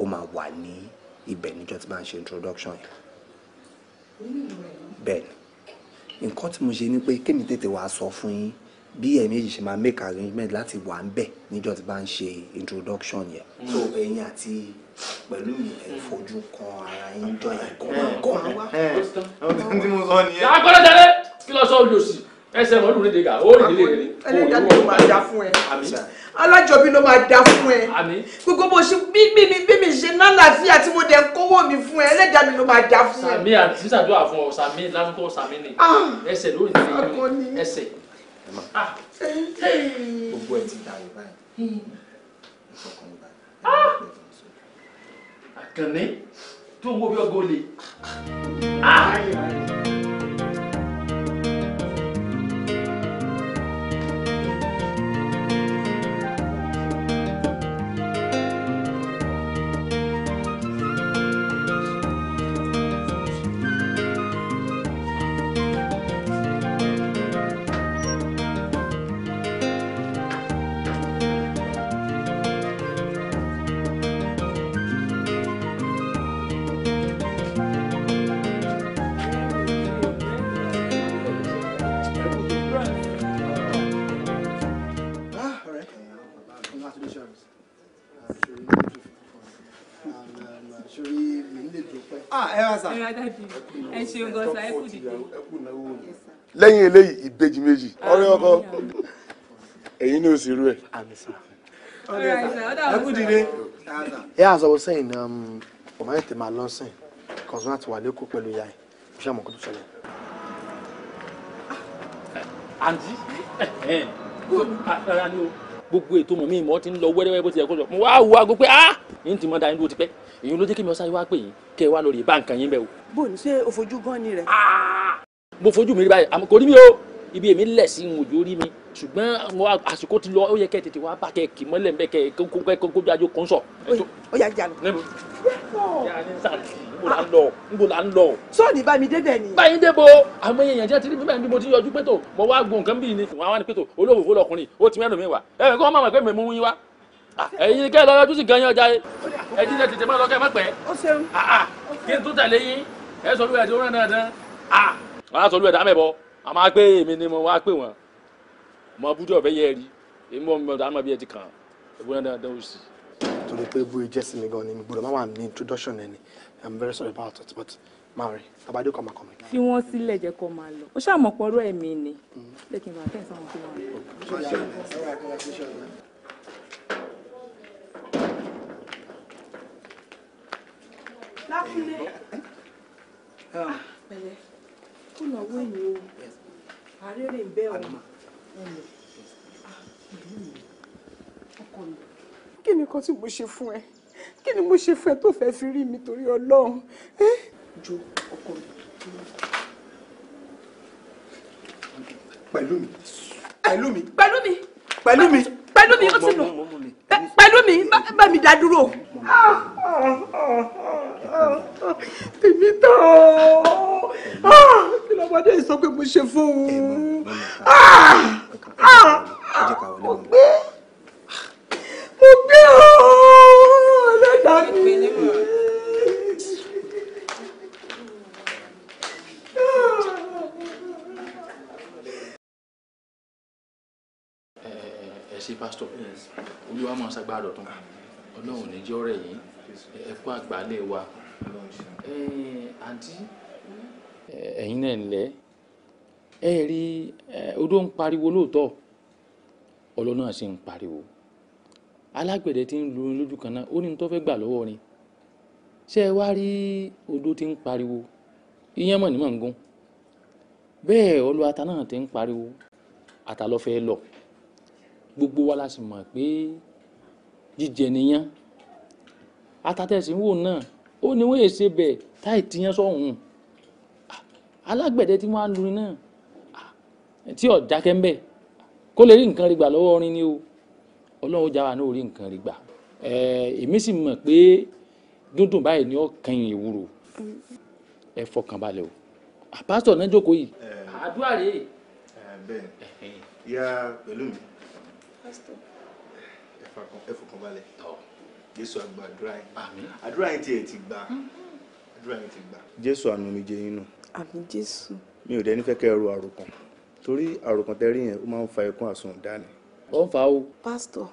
ó máa wà ní ibẹ̀ níjọ́ tí màá ṣe introduction yẹn bẹ́ẹ̀ ni nǹkan tí mo ṣe ni pé kémi tètè bí ẹ̀mẹ́jì ṣe máa make arrangement láti wà ń bẹ̀ níjọ́ tí bá ń ṣe introduction yẹn mm. so ẹ̀yin àti pẹ̀lú ìfojú kan ara yín jọ yẹn gan-an mm. wá. ohun mm. tí mo sọ nìyẹn. àgbọ̀dọ̀ tẹ̀lé kí lọ sọ olùsì ẹsẹ̀ mọ́lù ní dègà ó rí ilé rẹ̀. ẹlẹ́dàá ló máa dá fún ẹ alájọbí ló máa dá fún ẹ gbogbo bó ṣe bí mi bí mi ṣe ná làáfíà tí mo dẹ̀ kówó mi fún ẹ ẹlẹ́dàá mi ló máa dá fún ẹ. sàmì àti sísàdúrà fún ọ sàmì lánàá sàmì ni ah! ẹsẹ̀ lórí ìdílé ẹsẹ̀ ma gbogbo ẹ ti dàrú báyìí ìfọkànlẹ báyìí. àkànní tó ń wo bí ọgọ le. lẹ́yìn eléyìí ìbejì méjì ọ̀rẹ́ ọkọ ẹ̀yin ní oṣù irú ẹ̀. ẹ as I was saying um, ọmọ yẹn tẹ̀ máa lọ sìn kọ̀sán àti wà lẹ́kọ̀ọ́ pẹ̀lú ìyá ẹ̀ bí sàmù kò tó ṣẹlẹ̀. àǹtí ah, gbogbo ètò mọ̀ mi mọ̀ ti ń lọ wẹ́rẹ́wẹ́rẹ́ bó ti yẹ kó lọ mo wá wo aago pé ah yín ti mọ̀ dáa yín dúró ti pẹ́ èyí ló jẹ́ kí mi ọ̀sán yín wá pè yín kẹ́ ẹ wá lórí bá nǹkan yín bẹ́ẹ̀ o. bó ní ṣe òfojú gan ni rẹ. Ah! mo fojú mi rí báyìí àmọ́ kò rí mi o ibi èmi lẹ̀ sí ìwọ̀n ojú rí mi ṣùgbọ́n àsìkò ti lọ ó yẹ kẹ́ ẹ tètè wá bá kẹ́ ẹ kì mọ́lẹ̀ mbẹ́ kẹ́ ẹ kójú ajo kò ń sọ. ó yà jà lọ. níbo la ń lọ níbo la ń lọ. sọ́ọ̀nì bá mi débẹ̀ ni. báyìí débò àmọ́ èèyàn jẹ́ tìrí bíbẹ̀ ni mo ti yọjú pẹ́tò mo wá gbọ̀ǹkan bíi ni. wọ́n á wá ní pẹ́tò olóòfófó lọkùnrin ó ti mẹ́rin mi wá ẹ̀ kọ́ máa mọ̀ pé mẹ́mú yín wá ẹ̀yin kẹ́ ẹ lọ́ọ́ yọjú sí gan yín ọjà yìí ẹ̀yin náà tètè máa lọ kẹ́ ẹ má pẹ́ kí n tún tẹ̀lé yín ẹ sọ lóyè àti orin náà dán àwọn aṣọ lóyè dámẹ́ bọ àmọ́ á pé èmi ni mo wá pè wọ́n mọ búdú ọ̀fẹ́ yẹ rí èmi mọ̀ mọ̀ dáná bí ẹ ti kàn ẹ̀gbọ́n náà dán òsì. torí pé bóyá jẹ́ sí mi gan ni gbọ́dọ̀ má wà ní introduction ẹni i'm very sorry about it but mari tabade kọ máa kọ mi. fi wọn sílẹ̀ jẹ́ kó máa lọ ó ṣàmọ̀pọ̀ ọ̀rọ̀ ẹ̀mí ni lẹ́kìn máa kẹ́sàn-án wọn lákúnlé ah, pẹ̀lẹ́ kó náwó èyí o àrèrè ń bẹ́ ọ̀nà ah, ọkọ mi. kí ni nǹkan tí mo ṣe fún ẹ kí ni mo ṣe fún ẹ tó fẹ́ fi rí mi torí ọlọ́run. jo ọkọ mi. pẹ̀lú mi pẹ̀lú mi pẹ̀lú mi pẹ̀lú mi pẹ̀lú mi ó ti pẹ̀lú mi bá mi dá dúró. tèmi tán ah, kí lọ́mọdé yìí sọ pé mo ṣe fún un ah, ah, mo gbé mo gbé ọ̀ọ́ ẹlẹ́dàá mi. ṣe pásítọ̀ olúwa máa ṣàgbà dọ̀tún ọlọ́run ní jẹ́ ọ̀rẹ́ yìí ẹ kú àgbálẹ̀ wa àǹtí ẹ̀yin náà ńlẹ́ ẹ rí odó ń pariwo lóòótọ́ ọlọ́ náà sì ń pariwo alágbẹ̀dẹ tí ń lu lójú kan náà ó ní tó fẹ́ gbà lọ́wọ́ ni ṣé ẹ wá rí odó tí ń pariwo ìyẹn mọ̀ ní mọ̀ ń gún bẹ́ẹ̀ ọlọ́ ata náà ti ń pariwo ata ló lọ gbogbo wa la sì mọ̀ pé jíjẹ niyán atatẹ̀sínwó náà ó ní wọ́n èsè bẹ̀ táì tiyán sọ̀hún alágbẹ̀dẹ tí wọ́n á lu náà tí ọ̀dà kẹ́ńbẹ̀ kó lè rí nǹkan rí gbà lọ́wọ́ orin ni o ọlọ́run jáwa náà ò rí nǹkan rí gbà èmi sì mọ̀ pé dúndùn báyìí ni ó kẹyìn ìwúrò ẹ fọkànbalẹ̀ o àpásọ̀ náà jókòó yìí àdúrà rèé. bẹ́ẹ̀ ìyá Pẹ̀lúmi pastor, ẹ fọkàn balẹ̀ jésù àgbàdúrà yín àdúrà yín tiẹ̀ ti gbà àdúrà yín ti gbà. Mm-hmm. jésù àánú mi jẹ yín nù. àmì jésù. mi ò dẹ́ni fẹ́ kẹ́ ẹ ro àròkàn torí àròkàn tẹ́rí yẹn ó máa ń fa ẹkún àsùnwòn dání. ó ń fa o. pásítọ̀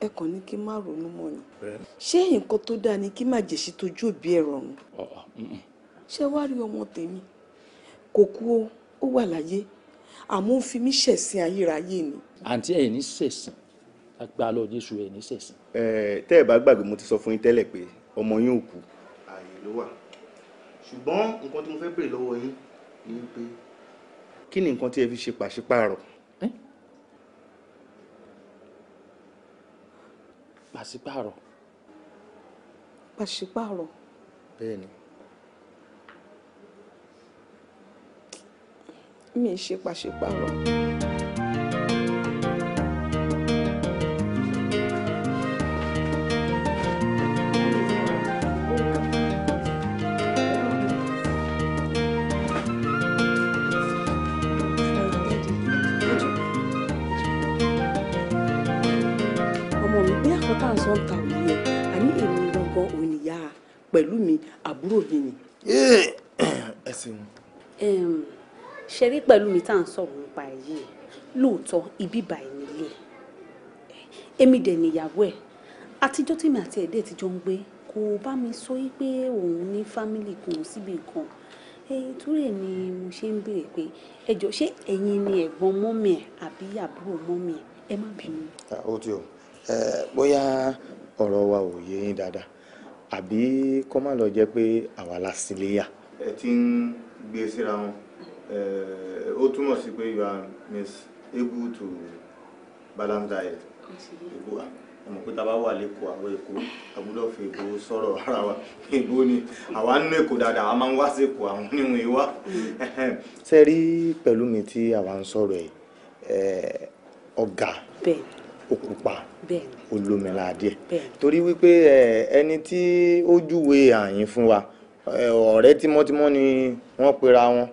ẹ kàn ní kí n má ronú mọ́ ni ṣé nǹkan tó dáa ni kí má jèṣì tójú òbí ẹ̀ rọrùn ṣé wàá rí ọmọ tèmi kò kú o ó wà láyé àmọ́ ń fi mí ṣẹ̀sín ayérayé ni àǹtí ẹ̀ ní sẹ̀sìn àgbà lọ Jésù ẹ̀ ní sẹ̀sìn. ẹ tẹ́ ẹ bá gbàgbé mo ti sọ fún yín tẹ́lẹ̀ pé ọmọ yín ò kú. ààyè ló wà ṣùgbọ́n nǹkan tí mo fẹ́ béèrè lọ́wọ́ yín ni pé kí ni nǹkan tí ẹ fi ṣe pàṣípààrọ̀. pàṣípààrọ̀. pàṣípààrọ̀. bẹ́ẹ̀ni. mi ṣe pàṣípààrọ̀. pẹ̀lú mi àbúrò mi ni. Eh, [COUGHS] ẹ ṣeun. ṣe rí pẹ̀lú mi tá à ń sọ̀rọ̀ nípa yìí lóòótọ́ ibi báyìí nílé èmi dẹ̀ níyàwó ẹ̀ àtijọ́ tèmi àti ẹ̀dẹ́ ti jọ ń gbé kò bá mi sọ pé òun ní fámìlì kan síbi kan ìtúrè ni mo ṣe ń béèrè pé ẹjọ́ ṣé ẹ̀yin ni ẹ̀gbọ́n mọ́mì ẹ̀ àbí àbúrò mọ́mì ẹ̀ ẹ má bínú. Ah, ó ti o eh, bóyá ọ̀rọ̀ wa ò yé yín dáadáa àbí kó má lọ jẹ́ pé àwa la sin léyà. ẹ ti ń gbé síra wọn ó túmọ̀ sí pé you are miss able to balance diet ìbò wa àmọ́ pé tá a bá wà lẹ́kọ̀ọ́ àwọn èkó àbúrò fi èkó sọ̀rọ̀ [LAUGHS] ara wa èkó ni àwa ń lẹ́kọ̀ọ́ dáadáa àwa máa ń wá sí èkó àwọn oníwọ̀n ìwá. Mm. ṣe rí Pẹ̀lúmi tí àwa ń sọ̀rọ̀ ẹ̀ ọ̀gá òkúpa olómìnira díẹ̀ torí wípé ẹni tí ó júwe àyìn fún wa ọ̀rẹ́ tímọ́tímọ́ ni wọ́n pera wọn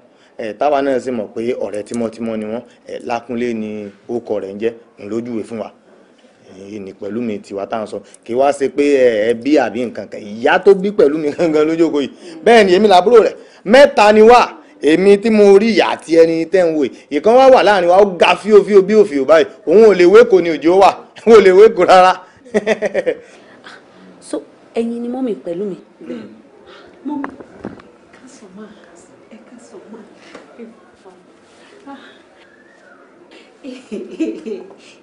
táwa náà sì mọ̀ pé ọ̀rẹ́ tímọ́tímọ́ ni wọ́n lákúnlé ni orúkọ rẹ̀ ń jẹ́ òun ló júwe fún wa ní pẹ̀lú mi tiwa tá à ń sọ kì í wá ṣe pé ẹbí àbí nǹkan kan ìyá tó bí pẹ̀lú mi gangan lójókòó yìí bẹ́ẹ̀ ni èmi làbúrò rẹ̀ mẹ́ta ni wá èmi tí mo rí ìyá àti ẹni tẹ́ ń wò ìkan wá wà láàrin wa ó ga fíofío bí òfìò báyìí òun ò lè wéko ni òjò wà [LAUGHS] òun ò lè wéko rárá. so ẹ̀yin ni mọ́mì pẹ̀lú mi. mọ́mì ká sọ máa ẹ ká sọ máa ẹ fà á.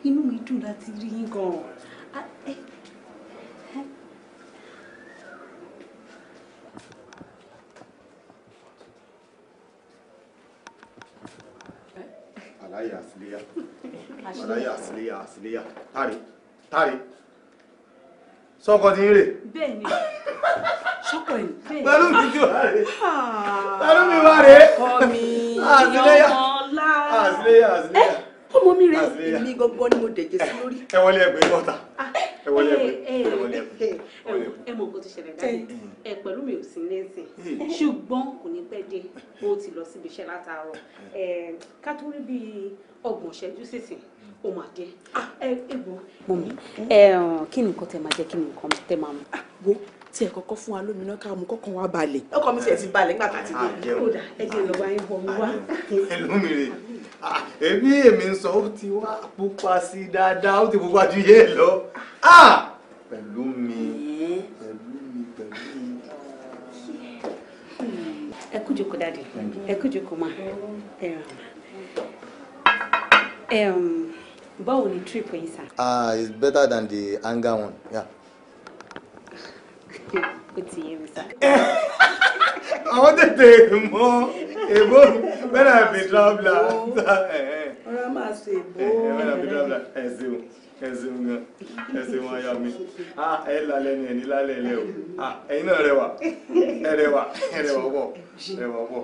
inú mi dùn láti rí yín gan-an. wàláyà àsìléyà wàláyà àsìléyà àsìléyà táre táre sọkọ ti ń rè. bẹ́ẹ̀ni sọkọ yìí bẹ́ẹ̀ni. pẹ̀lú mi ti wà rè ah. pẹ̀lú mi wà rè. ọkọ mi àsìléyà àsìléyà àsìléyà. ẹ ọmọ mi rè èmi gangan ni mo dẹ̀jẹ̀ sí lórí. ẹ wọlé ẹgbẹ́ bọ́ta. ah ẹ mọ nǹkan tó ṣẹlẹ̀ dáadé eh. ẹ pẹ̀lú mi ò sí lẹ́sìn eh. ṣùgbọ́n kò ní pẹ́ dé ó ti lọ síbi iṣẹ́ látàárọ̀ eh. ká tó rí bíi ọgbọ̀n ṣẹ́jú sísìn ó máa dé ẹ gbọ́. mọ mi kí ni nǹkan tẹ máa jẹ kí ni nǹkan tẹ máa mú. Ah, wo tí ẹ kọ́kọ́ fún wa lómìnira ká mú kọkàn wa balẹ̀. ọkọ mi tiẹ̀ ti balẹ̀ nígbà tá a ti dé. kódà ah, ẹ jẹ́ lọ́wọ́ ayé bọ̀ mi wá. Ah, ẹ lómìnira. Ah, èmi èmi ń sọ ó ti wá pupa sí dáadáa ó ti pupa ju yé lọ ah, pẹ̀lú mi pẹ̀lú mi pẹ̀lú mi. ẹ kú jókòó dáadé ẹ kú jókòó ma báwo ni trip yín sá. ah it's better than the anger one. Yeah. [LAUGHS] ó ti yé mi sá. àwọn tètè mọ èbó when I be traveller. ọ̀rọ̀ máa when I be traveller ẹ̀ ṣeun ẹ ṣeun gan ẹ ṣeun aya mi ẹ lálẹ́ ni ẹ ní lálẹ́ ilé o ẹ̀yin náà Ah, ẹ rẹwà ẹ rẹwà pọ̀ rẹwà pọ̀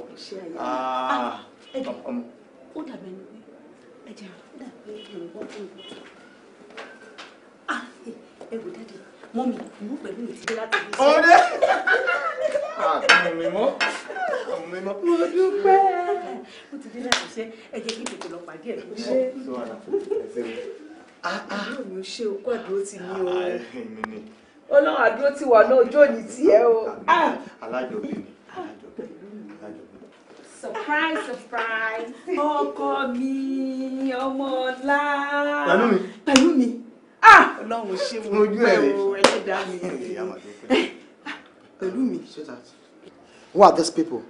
ọmọ. ó dàbẹ̀ ni ẹ̀jẹ̀ dàbẹ̀ ìrànwọ́ fún mi. ẹ̀wù dáadé mọ́ mi mú pẹ̀lú mi ti dé láti ilé iṣẹ́. ọ̀rẹ́ àmọ̀ mi mọ́ àmọ̀ mi mọ́. mo dúpẹ́ mo ti dé láti iṣẹ́ ẹ jẹ́ kí tètè lọ pàdé ẹ̀ tó ṣe. àbúrò mi ò ṣe okó àdúró ti ní o ah, ọlọ́run àdúró ti wà náà ojú òní tiẹ̀ o. alájọbí ni alájọbí alájọbí. surprise surprise. ọkọ mi ọmọ ọlá. pẹ̀lú mi. pẹ̀lú mi ah ọlọ́run ṣé mo pẹ́ o ẹlẹ́dà mi eh, ah, pẹ̀lú mi. who are these people.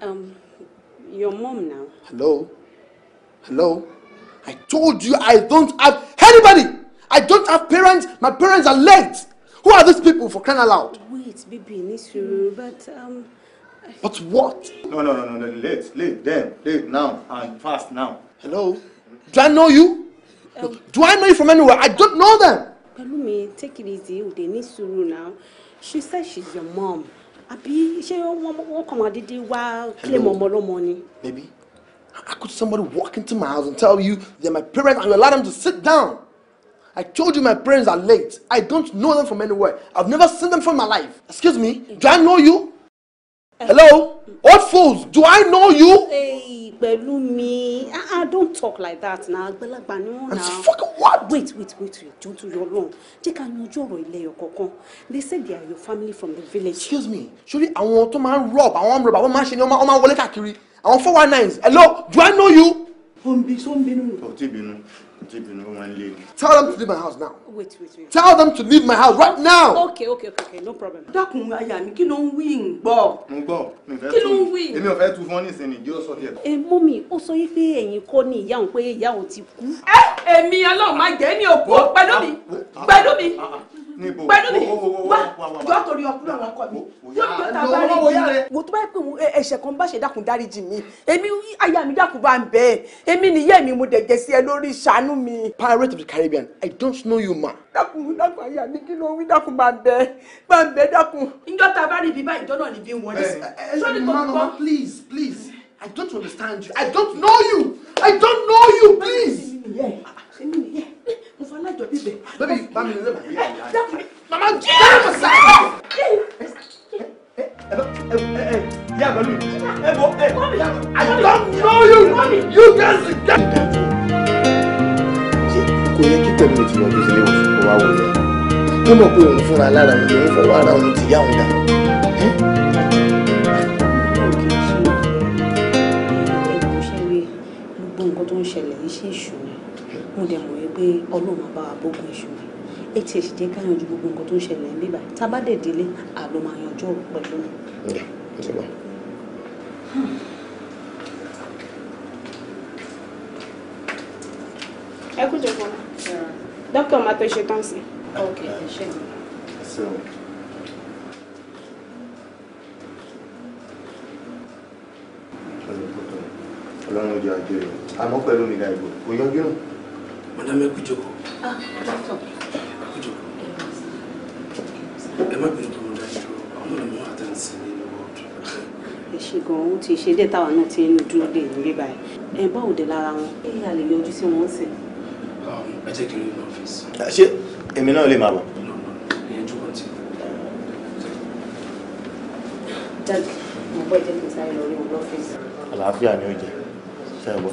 Um, your mom now. hello hello i told you i don't have anybody i don't have parents my parents are late who are these people for crying aloud. wait baby nisuru but. Um, I... but what. no no no no late late Then, late now and fast now. hello do i know you. Um, do I know you from anywhere? I don't know them. Pelumi, take it easy. They need sùúrù now. She said she's your mom. Abi, she wọ́n come máa dédé while claim ọmọ money. Maybe. How could somebody walk into my house and tell you they're my parents and you allow them to sit down? I told you my parents are late. I don't know them from anywhere. I've never seen them from my life. Excuse me, do I know you? Eh. Hello? old fools do i know you. Hey, Pẹ̀lúmi ah, ah don't talk like that na àgbàlagbà ni wọn na. and fuck what. wait wait wait wait don't do your wrong jẹ́ ká yanjú ọ̀rọ̀ ilé ẹyọ kankan they say they are your family from the village. excuse me ṣorí àwọn tó máa ń rob àwọn rob àwọn máa ń ṣe ni wọ́n máa ń wọlé káàkiri àwọn four one nines hello do i know you. ó ń bí só ń bínú. ó ti bínú. Tell them to leave my house now. Wait, wait, wait. Tell them to leave my house right now. Okay, okay, okay, okay no problem. Dákun aya mi, kí ló bo. wí ń gbọ́? Mo gbọ́, mi fẹ́ tu. Kí ló ń wí? Èmi ò fẹ́ tu fún nísìnyí, yóò sọ díẹ̀. Ẹ mú mi, ó sọ yí pé ẹ̀yin kọ́ ni ìyá òun pé ìyá òun ti kú. Ẹ èmi ọlọ́run máa jẹ́ ní òkú pẹ̀lú mi, pẹ̀lú mi, pẹ̀lú mi, wá jọ́ torí ọkùnrin àwọn ọkọ mi. Wọ́n ní ọ̀tá bá rí mi. Mo tó bá yẹ pé ẹ̀ṣẹ̀ kan bá ṣe dákun dáríjì mi. Èmi aya mi dákun bá ń bẹ́ẹ̀. Èmi nìyẹ́ mi mo dẹ̀ jẹ́ sí ẹ lórí ìṣàánú ṣàánú mi pirate of the caribbean i don't know you ma. dákun dákun ayé àdínkì ló wí dákun máa bẹ máa bẹ dákun. ìjọ ta bá rí ibi báyìí ìjọ náà ni bí wọn sí. ẹ ẹ mama please please i don't understand you i don't know you i don't know you please. mo fọ alájọ bíbẹ. bẹ́ẹ̀ni bá mi lè lè bàbá yà á. mama jẹ́ ẹ̀rọ sáà yeah, but look. Hey, boy, hey. I don't know you. You guys kò yẹ kí tẹ̀lé mi ti lọ lóṣèlú ìwòsàn wá wọlé ẹ mọ̀ pé òun fúnra lára òun lòun fọwọ́ ara òun ti yá òun dà. mo dẹ̀ mọ̀ pé ọlọ́run bá wa bógun èṣù rẹ̀ ẹ ti ẹ̀ sì gbogbo nǹkan tó ń ṣẹlẹ̀ ń bíbá tá délé àlọ́ máa yanjú pẹ̀lú. ǹjẹ́ ǹjẹ́ bá. Hmm. ẹ kú jọ̀bọ̀ dókítà máa tó ṣe tán sí. ok ẹ ṣe mi. ọlọ́run ojú ajé rẹ̀ àmọ́ pẹ̀lú mi láì bò kò yọjú nù. madame ẹ kú jọ̀bọ̀. ah dókítà. ẹ kú jọ̀bọ̀. ẹ má bínú tó ń dájú àwọn ọmọ àtẹnusẹ ní ìlú wọ́ọ̀dù. ẹ ṣe gan-an ó ti ṣe dé táwa náà ti ń dúró dé ìlú báyìí ẹ báwo dé lára wọn. ẹ yà lè yọjú sí wọn sí i ẹ jẹ́ kí n lọ ọ́fíìsì. Ah, ṣé èmi náà lè máa bọ̀. àlàáfíà ni ó jẹ ṣe gbọ́.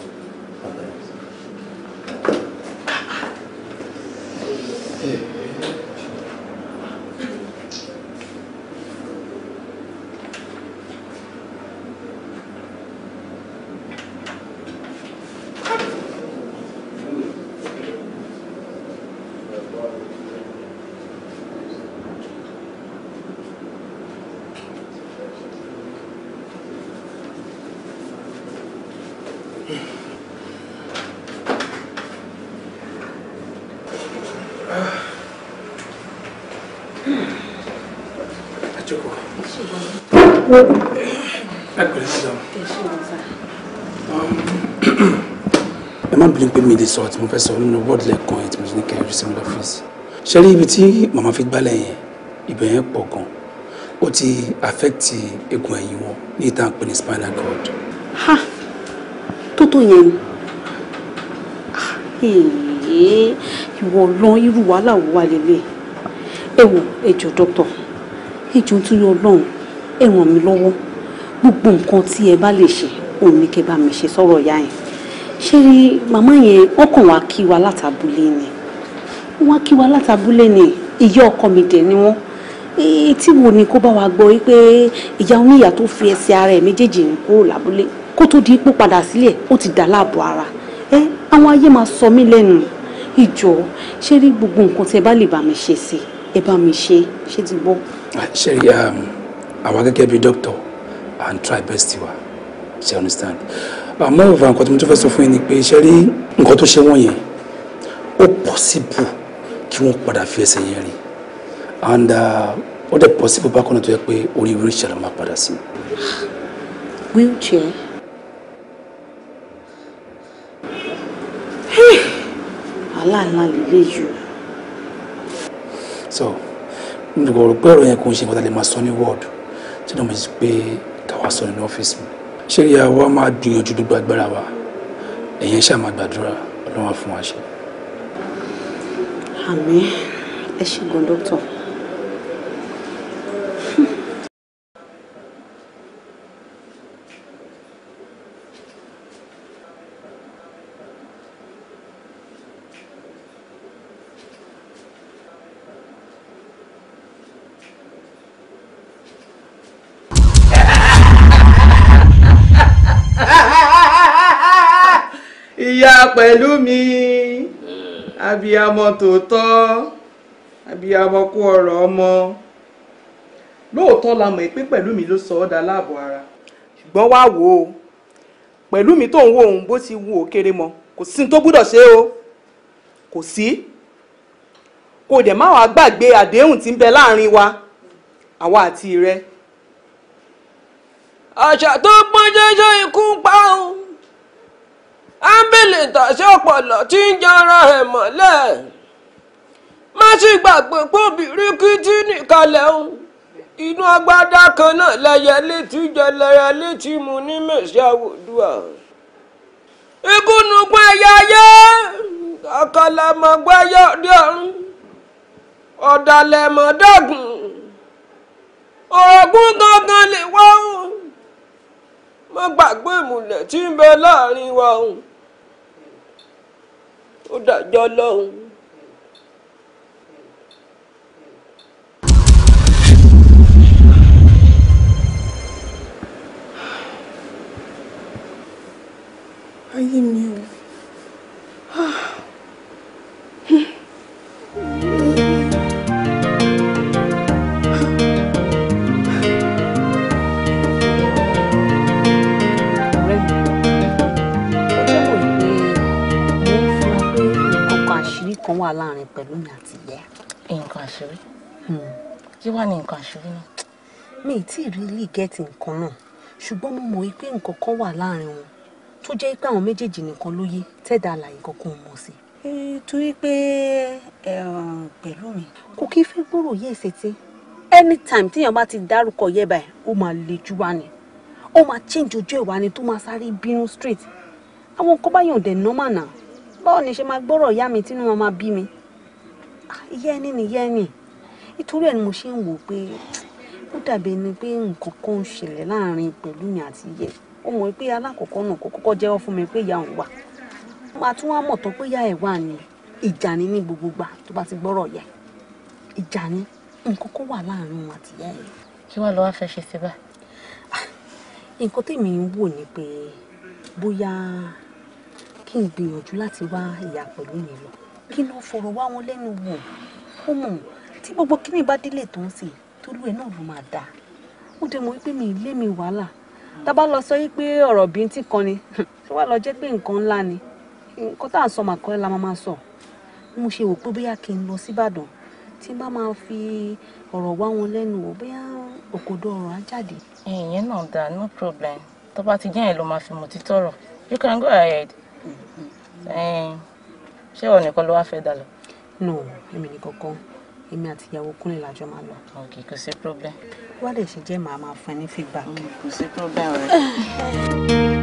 Yeah. ẹ má bìlín pé mi lè sọ àti mo fẹ́ sọ nínú wọ́ọ̀dù lẹ́ẹ̀kan ètò ìṣẹ́ kẹrin sí mi lọ́fíìsì ṣe rí ibi tí màmá fi gbálẹ̀ yẹn ibẹ̀ yẹn pọ̀ gan ó ti àfẹ́kìtì eegun ẹ̀yìn wọn ní ìta pè ní spinal cord. ha tó tó yẹn ni ah, ìwọ lọ irú wàhálà wo wà lélẹ̀ ẹ wò ẹ jọ dókítà ìjọ tó yọ ọlọ́run ẹ ràn mí lọ́wọ́ gbogbo nǹkan tí ẹ bá lè ṣe òun ni kẹ́ bá mi ṣe sọ̀rọ̀ ìyá yẹn ṣé rí màmá yẹn ó kàn wá kí wa látàbúlé ni wọ́n á kí wa látàbúlé ni ìyá ọkọ mi dẹ̀ ni wọ́n tí wo ni kó bá wa gbọ́ wípé ìyá oníyà tó fi ẹsẹ̀ ara ẹ̀ méjèèjì ń kúrò lábúlé kó tó di ipò padà sílẹ̀ ó ti dà láàbò ara ẹ e, àwọn ayé máa sọ mí lẹ́nu ìjọ ṣé rí gbogbo nǹkan tí ẹ bá lè bá mi ṣe sí ẹ bá mi ṣe ṣé ti gbọ́. Sherry, I um, àwa gẹ́gẹ́ bíi doctor and try best wa She understand I'm um, ìwà nǹkan tí mo tún fẹ́ sọ fún yín ni pé ṣẹ́rí nǹkan tó ṣe wọ́n possible kí wọ́n padà fi ẹsẹ̀ yẹn rìn and what uh, dẹ̀ possible bákan náà tó yẹ pé orí wheelchair ló máa padà wheelchair. Hey, ńlá lè lè yù. so nígbà rò pé ọ̀rọ̀ yẹn kò ń ṣe nǹkan tá a lè máa sọ ní wọ́ọ̀dù tí náà mo ti pé káwa sọ nínú ọ́fíìsì mi ṣé ìyá wa máa gbìyànjú gbogbo agbára wa ẹ̀yẹn ṣáà máa gbàdúrà ọlọ́run á fún wa ṣe. àmín ẹ ṣe gan dókítà. pẹ̀lú mi abiyamọ tòótọ́ abiyamọ kú ọ̀rọ̀ ọmọ lóòótọ́ la mọ̀ pé pẹ̀lú mi ló sọ ọ́ da láàbọ̀ ara ṣùgbọ́n wá wò ó pẹ̀lú mi tó ń wo òun bó ti wu òkèrè mọ́ kò sí tó gbúdọ̀ ṣe o kò sí kò dẹ̀ má wàá gbàgbé àdéhùn tí ń bẹ láàrin wa àwa àti rẹ. àṣà tó pọ́n jẹ́jọ́ ikú pa ọ́. ámbìlìtà ọpọlọ tí ń jọra ẹ̀ mọ́lẹ̀ má sì gbàgbé pòbìrín kìtì nìkan inú agbádá kan náà lẹyẹ létí jẹ létí mu ní a. wòdùà ikúnukún ẹyẹ ayé àkàlàmọgbẹyẹ ọdẹ ọ̀run ọ̀dàlẹ̀mọ̀dọ́gùn gangan lè wá ó mo gbàgbé ìmùlẹ̀ tí ń bẹ láàrin wa òun. Udah jolong. I ni. kí wà ní nǹkan àṣírí náà. mi ì tí ì rí ilé gẹ́ẹ̀tì nǹkan náà ṣùgbọ́n mo mọ̀ pé nǹkan kan wà láàrin wọn tó jẹ́ pé àwọn méjèèjì nìkan ló yé tẹ́dà àlàyé kankan mọ̀ sí. torí pé pẹ̀lú mi. kò kí fẹ́ gbòòrò yé ẹsẹ̀ tí anytime téèyàn bá ti dárúkọ yẹ báyìí ó máa le jù wá ni ó máa change ojú ẹ̀ wá ni tó máa sáré bínú straight àwọn nǹkan bá yàn dẹ̀ normal náà báwo ni ṣe máa gbọ́rọ̀ ìyá mi tínú wọn máa bí mi ah, ìyá ẹni nìyá ẹni nítorí ẹ̀ ni mo ṣe ń wò pé ó dàbí ẹni pé nǹkan kan ń ṣẹlẹ̀ láàrin pẹ̀lú mi àti yẹ ó mọ̀ pé alákọ̀ọ́kọ́ náà kò kọ́kọ́ jẹ́wọ́ fún mi pé ìyá òun wà máa tún wá mọ̀ tán pé ìyá ẹ̀ wà ní ìjà ni ní gbogbo gbà tó bá ti gbọ́rọ̀ yẹ ìjà ni nǹkan kan wà láàrin òun àti ìyá ẹ̀. kí wàá lọ wá fẹ́ ṣe sí báyìí. Ah, nǹkan tèmi ń wò ni pé bóyá kí n gbìyànjú láti wá ìyá pẹ̀lú mi lọ kí n lọ fọ̀rọ̀ wá wọn lẹ́nu wò ó mọ̀ tí gbogbo kíní bá délé tó ń sè tólú ẹ náà ló máa dà ó dé mo wípé mi ì lé mi wàhálà tábà lọ sọ yìí pé ọ̀rọ̀ bíntín kan ni tó [LAUGHS] wà lọ jẹ́ pé nǹkan ńlá ni nǹkan tá à ń sọ màkọ́ la máa sọ mo ṣe wò pé bóyá kí n lọ síbàdàn tí n bá máa fi ọ̀rọ̀ wá wọn lẹ́nu wò bóyá òkòdó ọ̀rọ̀ á jáde. ìyẹn náà dá no problem tó bá ti jẹ́ yẹn ló máa fi mọ̀ títọ́ rọ̀ you can go ahead. Mm-hmm. ṣé ọ̀ nìkan ló wá fẹ́ dà lọ. no èmi nìkan kan èmi àti ìyàwó kúnlẹ̀ lájọ máa lọ. ok kò sí problem. wá lè ṣe jẹ́ màá máa fún ẹ ní feedback. kò sí problem [LAUGHS]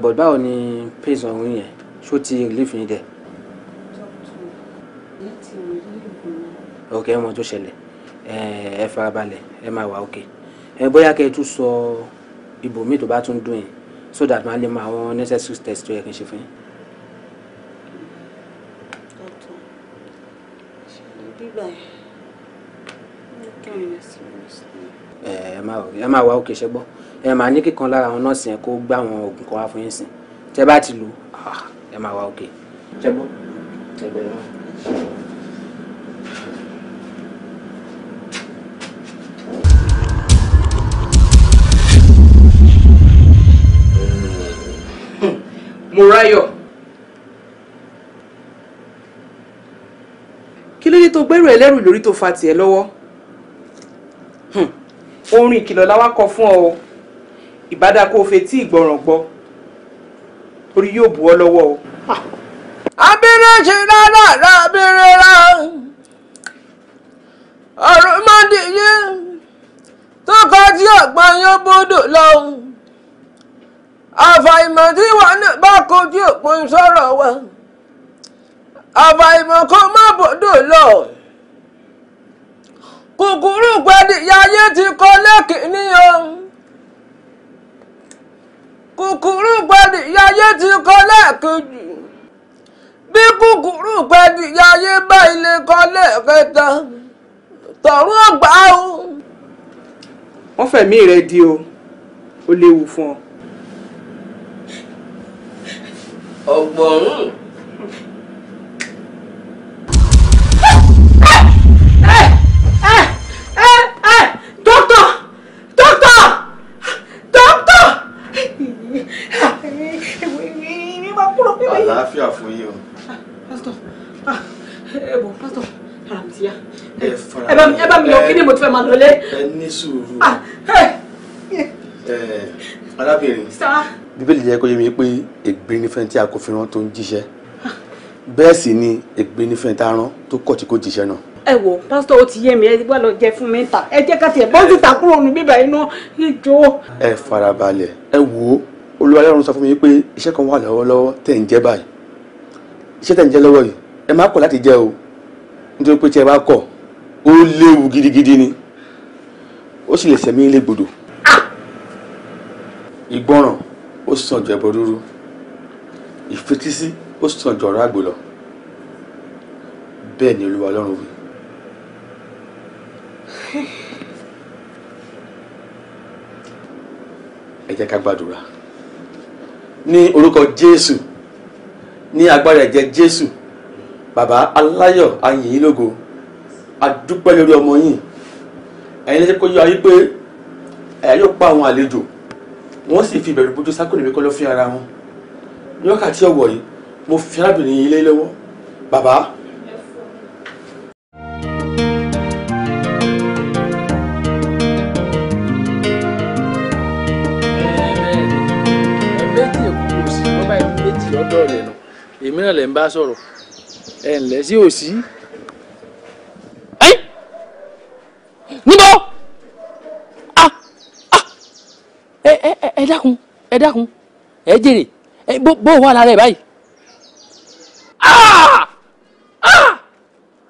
but báwo ni pace ọ̀hún yẹn ṣó ti relief yín dẹ̀. ok ẹ mọ tó ṣẹlẹ̀ ẹ farabalẹ̀ ẹ máa wà ok ẹ bóyá kẹ́ ẹ tún sọ ibòmíì tó bá tún dùn yín so that màá lè mọ àwọn necessary tests tó yẹ kí n ṣe fún yín. ẹ máa wà òkè ṣe ẹ máa ní kíkan lára àwọn nọ́ọ̀sì yẹn kó gbá àwọn oògùn kan wá fún yín sìn tẹ bá ti lò ah, ẹ máa wá òkè. jẹ́gbọ́n ẹgbẹ́ náà. Mọ́ráyọ̀. kí ló dé tó gbẹ́rù ẹlẹ́rù lórí tó fa tiẹ̀ lọ́wọ́? orin ìkìlọ̀ la kọ fún ọ ìbádá kó o fetí ìgbọràn gbọ́ orí yóò bù ọ́ lọ́wọ́ o. abẹ́rẹ́ ṣe rárá rà abẹ́rẹ́ rà ọ̀rọ̀ máa dìye tó kọjú ọ̀gbọ́n yóò bọ́dọ̀ lọ́hùn àfàìmọ̀ tí wọn náà bá kojú òpin sọ̀rọ̀ wa àfàìmọ̀ kó má bọ́dọ̀ lọ kùkùrù pẹ̀lú ìyá ayé ti kọ́ lẹ́kìnní ọ̀hún kùkùrú gbẹ̀dì yáyé ti kọ lẹ́ẹ̀kejì bí kùkùrú gbẹ̀dì yáyé bá ilé kọ lẹ́ẹ̀kẹta tọ̀rún ọgbà o. wọ́n fẹ̀mí rẹ di o ó léwu fún ọ. ọgbọ̀rún. ẹ ẹ ẹ ẹ. ẹ bá mi lọ kí ni mo ti fẹ́ máa lọlé. ẹ ní sùúrù ah, arábìnrin bíbélì jẹ́ kó yé mi pé ègbé tí a kò fi rán tó ń jíṣẹ́ bẹ́ẹ̀ sì ni ègbé nífẹ̀ẹ́ tá a rán tó kọ̀ tí kò jíṣẹ́ náà. ẹ wo pásítọ̀ ó ti yé mi ẹ wá lọ jẹ fún mi ta ẹ jẹ́ ká tiẹ̀ bọ́ǹsì ta kúrò nù bíbá iná ìjó. ẹ farabalẹ̀ ẹ wò ó olúwa lẹ́run sọ fún mi pé iṣẹ́ kan wà lọ́wọ́lọ́wọ́ tẹ̀ ń jẹ́ báyìí iṣẹ́ tẹ̀ ń jẹ́ lọ́wọ́ yìí ẹ má kọ̀ láti jẹ́ o nítorí pé tí ẹ bá kọ̀ ó léwu gidigidi ni ó sì lè sẹ̀mí ilé gbòdò ìgbọràn ó sàn jù ẹbọ rúrú ìfetísí ó sàn jù ọ̀rọ̀ àgbò lọ bẹ́ẹ̀ ni olúwa ọlọ́run wí. ẹ jẹ́ ká gbàdúrà ní orúkọ jésù ní agbára ẹ̀jẹ̀ jésù bàbá aláyọ̀ ayìnlógo àdúpẹ́ lórí ọmọ yìí ẹ̀yin lẹ́sẹ̀ kó yọ ayé pé ẹ̀yà yóò pa àwọn àlejò wọ́n sì fi ìbẹ̀rù bójú sákòlè mi kọ́ lọ́ fi ara wọn ní wákàtí ọ̀wọ̀ yìí mo fi arábìnrin yìí lé lọ́wọ́ bàbá èmi náà lè ń bá sọ̀rọ̀ ẹ̀ ǹlẹ́ sí òsì níbo ah ah ẹ ẹ ẹ dákun ẹ dákun ẹ jèrè ẹ bó bó wà lára ẹ báyìí ah ah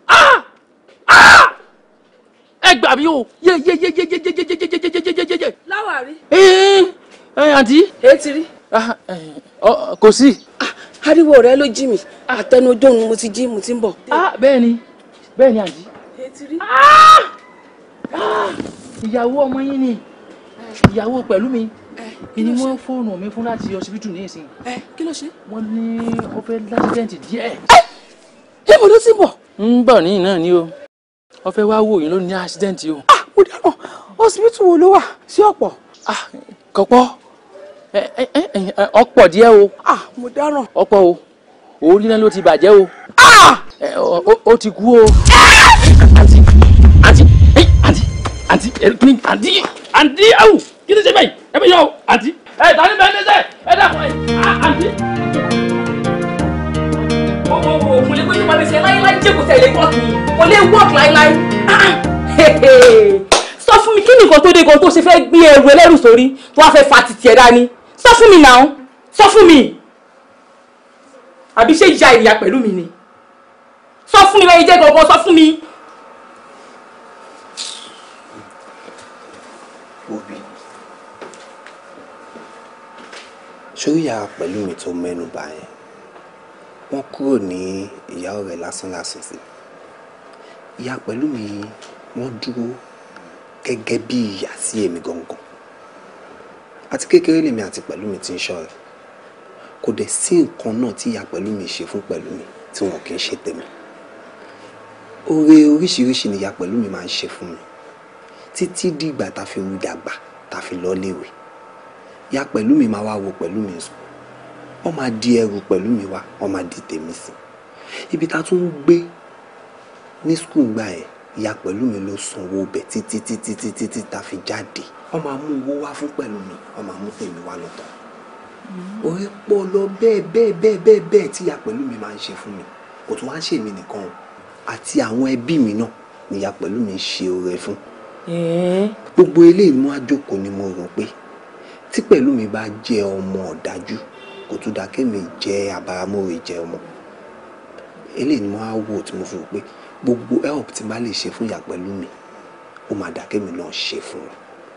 ah ah ẹ gbà mí o ye, ye, ye, ye, ye, ye, ye, ye, ye, ye, ye, ye, ye, láwàárí. ẹ ẹ àǹtí. èé ti rí. kò sí. ariwo rẹ ló jí mi àtẹnudọ́nu mo ti jí mo ti ń bọ̀. bẹ́ẹ̀ ni bẹ́ẹ̀ ni àǹtí. èé ti rí ìyàwó ọmọ yín ni eh. ìyàwó pẹ̀lú mi ìní eh, wọ́n fóònù mi fún láti ọsibítù ní ìsìn. ẹ eh, kí ló ṣe. wọ́n ní ó fẹ́ lásìdẹ́ǹtì díẹ̀. ẹ mo ló ti bọ̀. ń bọ̀ níyìn náà ni o wọ́n fẹ́ wá wò yín ló ní àṣídẹ́ǹtì o. ah mo dáràn ọsibítù wo ló wà sí ọ̀pọ̀. ah kọ̀pọ̀ ọ̀pọ̀ díẹ̀ o. ah mo dáràn. ọ̀pọ̀ o òun lílẹ̀ ló ti bàjẹ́ o. ah ó ti kú o. Eh, ẹ àǹtí àǹtí ẹ ní àǹtí àǹtí awù kí ni ṣe bẹ́ẹ̀ ẹ bẹ́ẹ̀ yọ àǹtí. ẹ tani bẹ́ẹ̀ ní sẹ́ ẹ dàpọ̀ ẹ àǹtí. ọmọ wo mo lè gbóyún pàmì sí ẹ láyéláyé jẹ́kù tẹ̀lé wọ́ọ̀kì mo lè wọ́ọ̀kì láyéláyé. Ah, ah. [LAUGHS] sọ fún mi kí ni nǹkan tó dé gan tó ṣe fẹ́ gbé ẹrù ẹlẹ́rù sórí tó wá fẹ́ fa tìtì ẹ̀ dání sọ fún mi náà sọ fún mi àbí ṣé ìyá ìyá pẹ̀lú mi ni sọ fún mi lẹ́yìn jẹ́ gangan sọ fún mi. sórí ìyá Pẹ̀lúmi tó mẹ́nu bà yẹn wọ́n kúrò ní ìyá ọ̀rẹ́ lásánlásán sí ìyá Pẹ̀lúmi wọ́n dúró gẹ́gẹ́ bí ìyá sí èmi gangan àti kékeré lèmi àti Pẹ̀lúmi ti ń ṣọ̀rẹ́ kò dẹ̀ sí nǹkan náà tí ìyá Pẹ̀lúmi ṣe fún Pẹ̀lúmi tí wọn kì í ṣe tèmi oore oríṣiríṣi ni ìyá Pẹ̀lúmi máa ń ṣe fún mi títí dìgbà tá a fi wù dàgbà tá a fi lọ léwe ya pẹ̀lú mi máa wá wo pẹ̀lú mi sùn wọ́n máa di ẹrù pẹ̀lú mi wá wọ́n máa di tèmi sí ibi tá a tún gbé ní skul gbà yẹn ya pẹ̀lú mi ló sanwó bẹ̀ títí títí títí tí ta fi jáde wọ́n máa mú owó wá fún pẹ̀lú mi wọ́n máa mú tèmi wá lọ́tọ̀ orí mm-hmm. pọ̀ lọ bẹ́ẹ̀ bẹ́ẹ̀ bẹ́ẹ̀ bẹ́ẹ̀ bẹ́ẹ̀ tí ya pẹ̀lú mi máa ń ṣe fún mi kò tún wá ń ṣèmi nìkan o àti àwọn ẹbí mi náà ni ya pẹ̀lú mi ṣe oore fún gbogbo eléyìí mo á ni mo rò pé tí pẹ̀lú mi bá jẹ́ ọmọ ọ̀dájú kò tún da kémi jẹ́ àbáramóore jẹ́ ọmọ eléyìí ni mo á wò tí mo fi rò pé gbogbo help tí má lè ṣe fún ìyá pẹ̀lú mi ó máa dà kémi náà ṣe fún un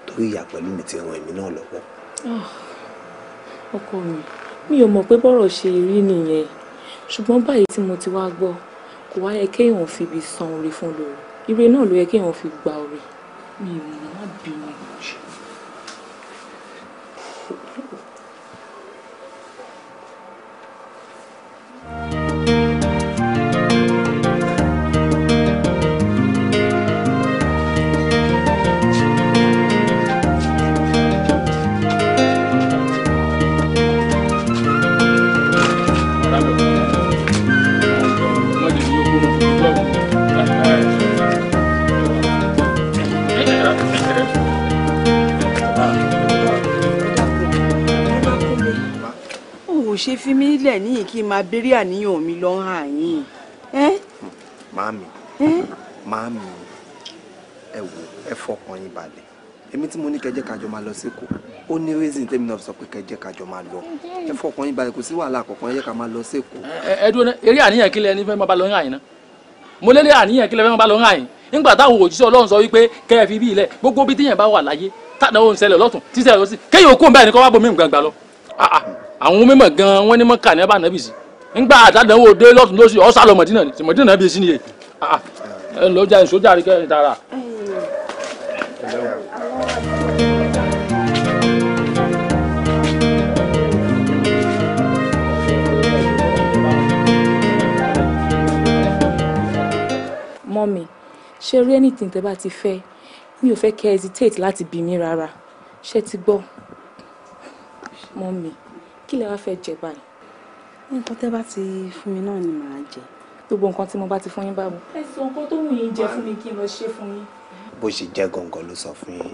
torí ìyá pẹ̀lú mi ti ran èmi náà lọ́wọ́. Ah, ọkọ mi mi ò mọ̀ pé bọ́rọ̀ ṣe rí nìyẹn ṣùgbọ́n báyìí tí mo ti wá gbọ́ kò wá yẹ kéèyàn fi ibi san oore fún lóore ire náà ló yẹ kéèyàn fi gba oore mi ò ṣe fi mí lẹ̀ níyìn kí n máa béèrè àníyàn mi lọ́hùn àyìn. màámi màámi ẹ wò ẹ fọkàn yín balẹ̀ èmi tí mo ní kẹjẹ kájọ máa lọ síkò ó ní reason tèmi náà sọ pé kẹjẹ kájọ máa lọ ẹ fọkàn yín balẹ̀ kò sí wàhálà kankan ẹ yẹ ká máa lọ síkò. ẹ dúró náà eré àníyàn kílẹ̀ ẹni fẹ́ máa bá lọ ń àyìn náà mo lérè àníyàn kílẹ̀ fẹ́ máa bá lọ ń àyìn nígbà táwọn òjíṣẹ́ Ọlọ́run sọ wípé kẹ́ẹ̀ fi bí ilẹ̀ gbogbo bí téèyàn bá wà láyé tàdáwó ń ṣẹlẹ̀ lọ́tún tíṣẹ́ lọ sí kéèyàn ó kó bẹ́ẹ̀ ni kọ́ wá bomi gbàngbà lọ ah, ah àwọn mímọ̀ gan wọ́n ní mọ́kà ní ẹ bá nàbì sí ńgbà àtàdánwò dé lọ́tún lọ́sí ọ̀ sálọ mọ̀dínà ni tí mọ̀dínà nàbì sí nìyẹn ah, ah. ẹ lọ jà ìṣojà rí tara. mọ́mi ṣe rí anything tẹ́ bá ti fẹ́ mi ò fẹ́ kẹ́ hesitate láti bí mi rárá ṣe ti gbọ́ mọ́mi kí lẹ wá fẹ́ jẹ báyìí. nǹkan tẹ́ bá ti fún mi náà ni màá jẹ. gbogbo nǹkan tí mo bá ti fún yín báwo. ẹ sọ nǹkan tó wù yín jẹ fún mi kí n lọ ṣe fún yín. bó ṣe jẹ́ gọ̀ǹgọ̀ ló sọ fún yín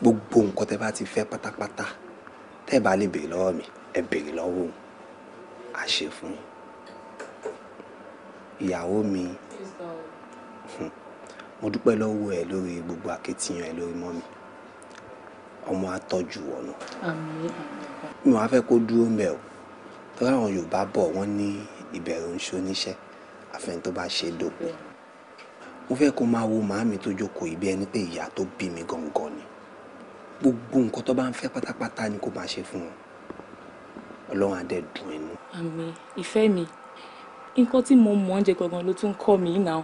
gbogbo nǹkan tẹ́ bá ti fẹ́ pátápátá tẹ́ bá lè béèrè lọ́wọ́ mi ẹ béèrè lọ́wọ́ òun á ṣe fún yín ìyàwó mi mo dúpẹ́ lọ́wọ́ ẹ lórí gbogbo akitiyan ẹ lórí mọ́ mi ọmọ atọ́jú ọ̀nà. mi wàá fẹ́ kó dúró mẹ́ o tọ́lá àwọn Yorùbá bọ̀ wọ́n ní ìbẹ̀rù ń ṣoníṣẹ́ àfẹn tó bá ṣe dòpò. mo fẹ́ kó máa wo màámi tó jókòó ibi ẹni pé ìyá tó bí mi gangan ni gbogbo nǹkan tó bá ń fẹ́ pátápátá ni kó máa ṣe fún wọn ọlọ́run á dẹ̀ dùn ẹnu. àmín ìfẹ́ mi nǹkan tí mo mọ̀ ń jẹ gangan ló tún kọ́ mi náà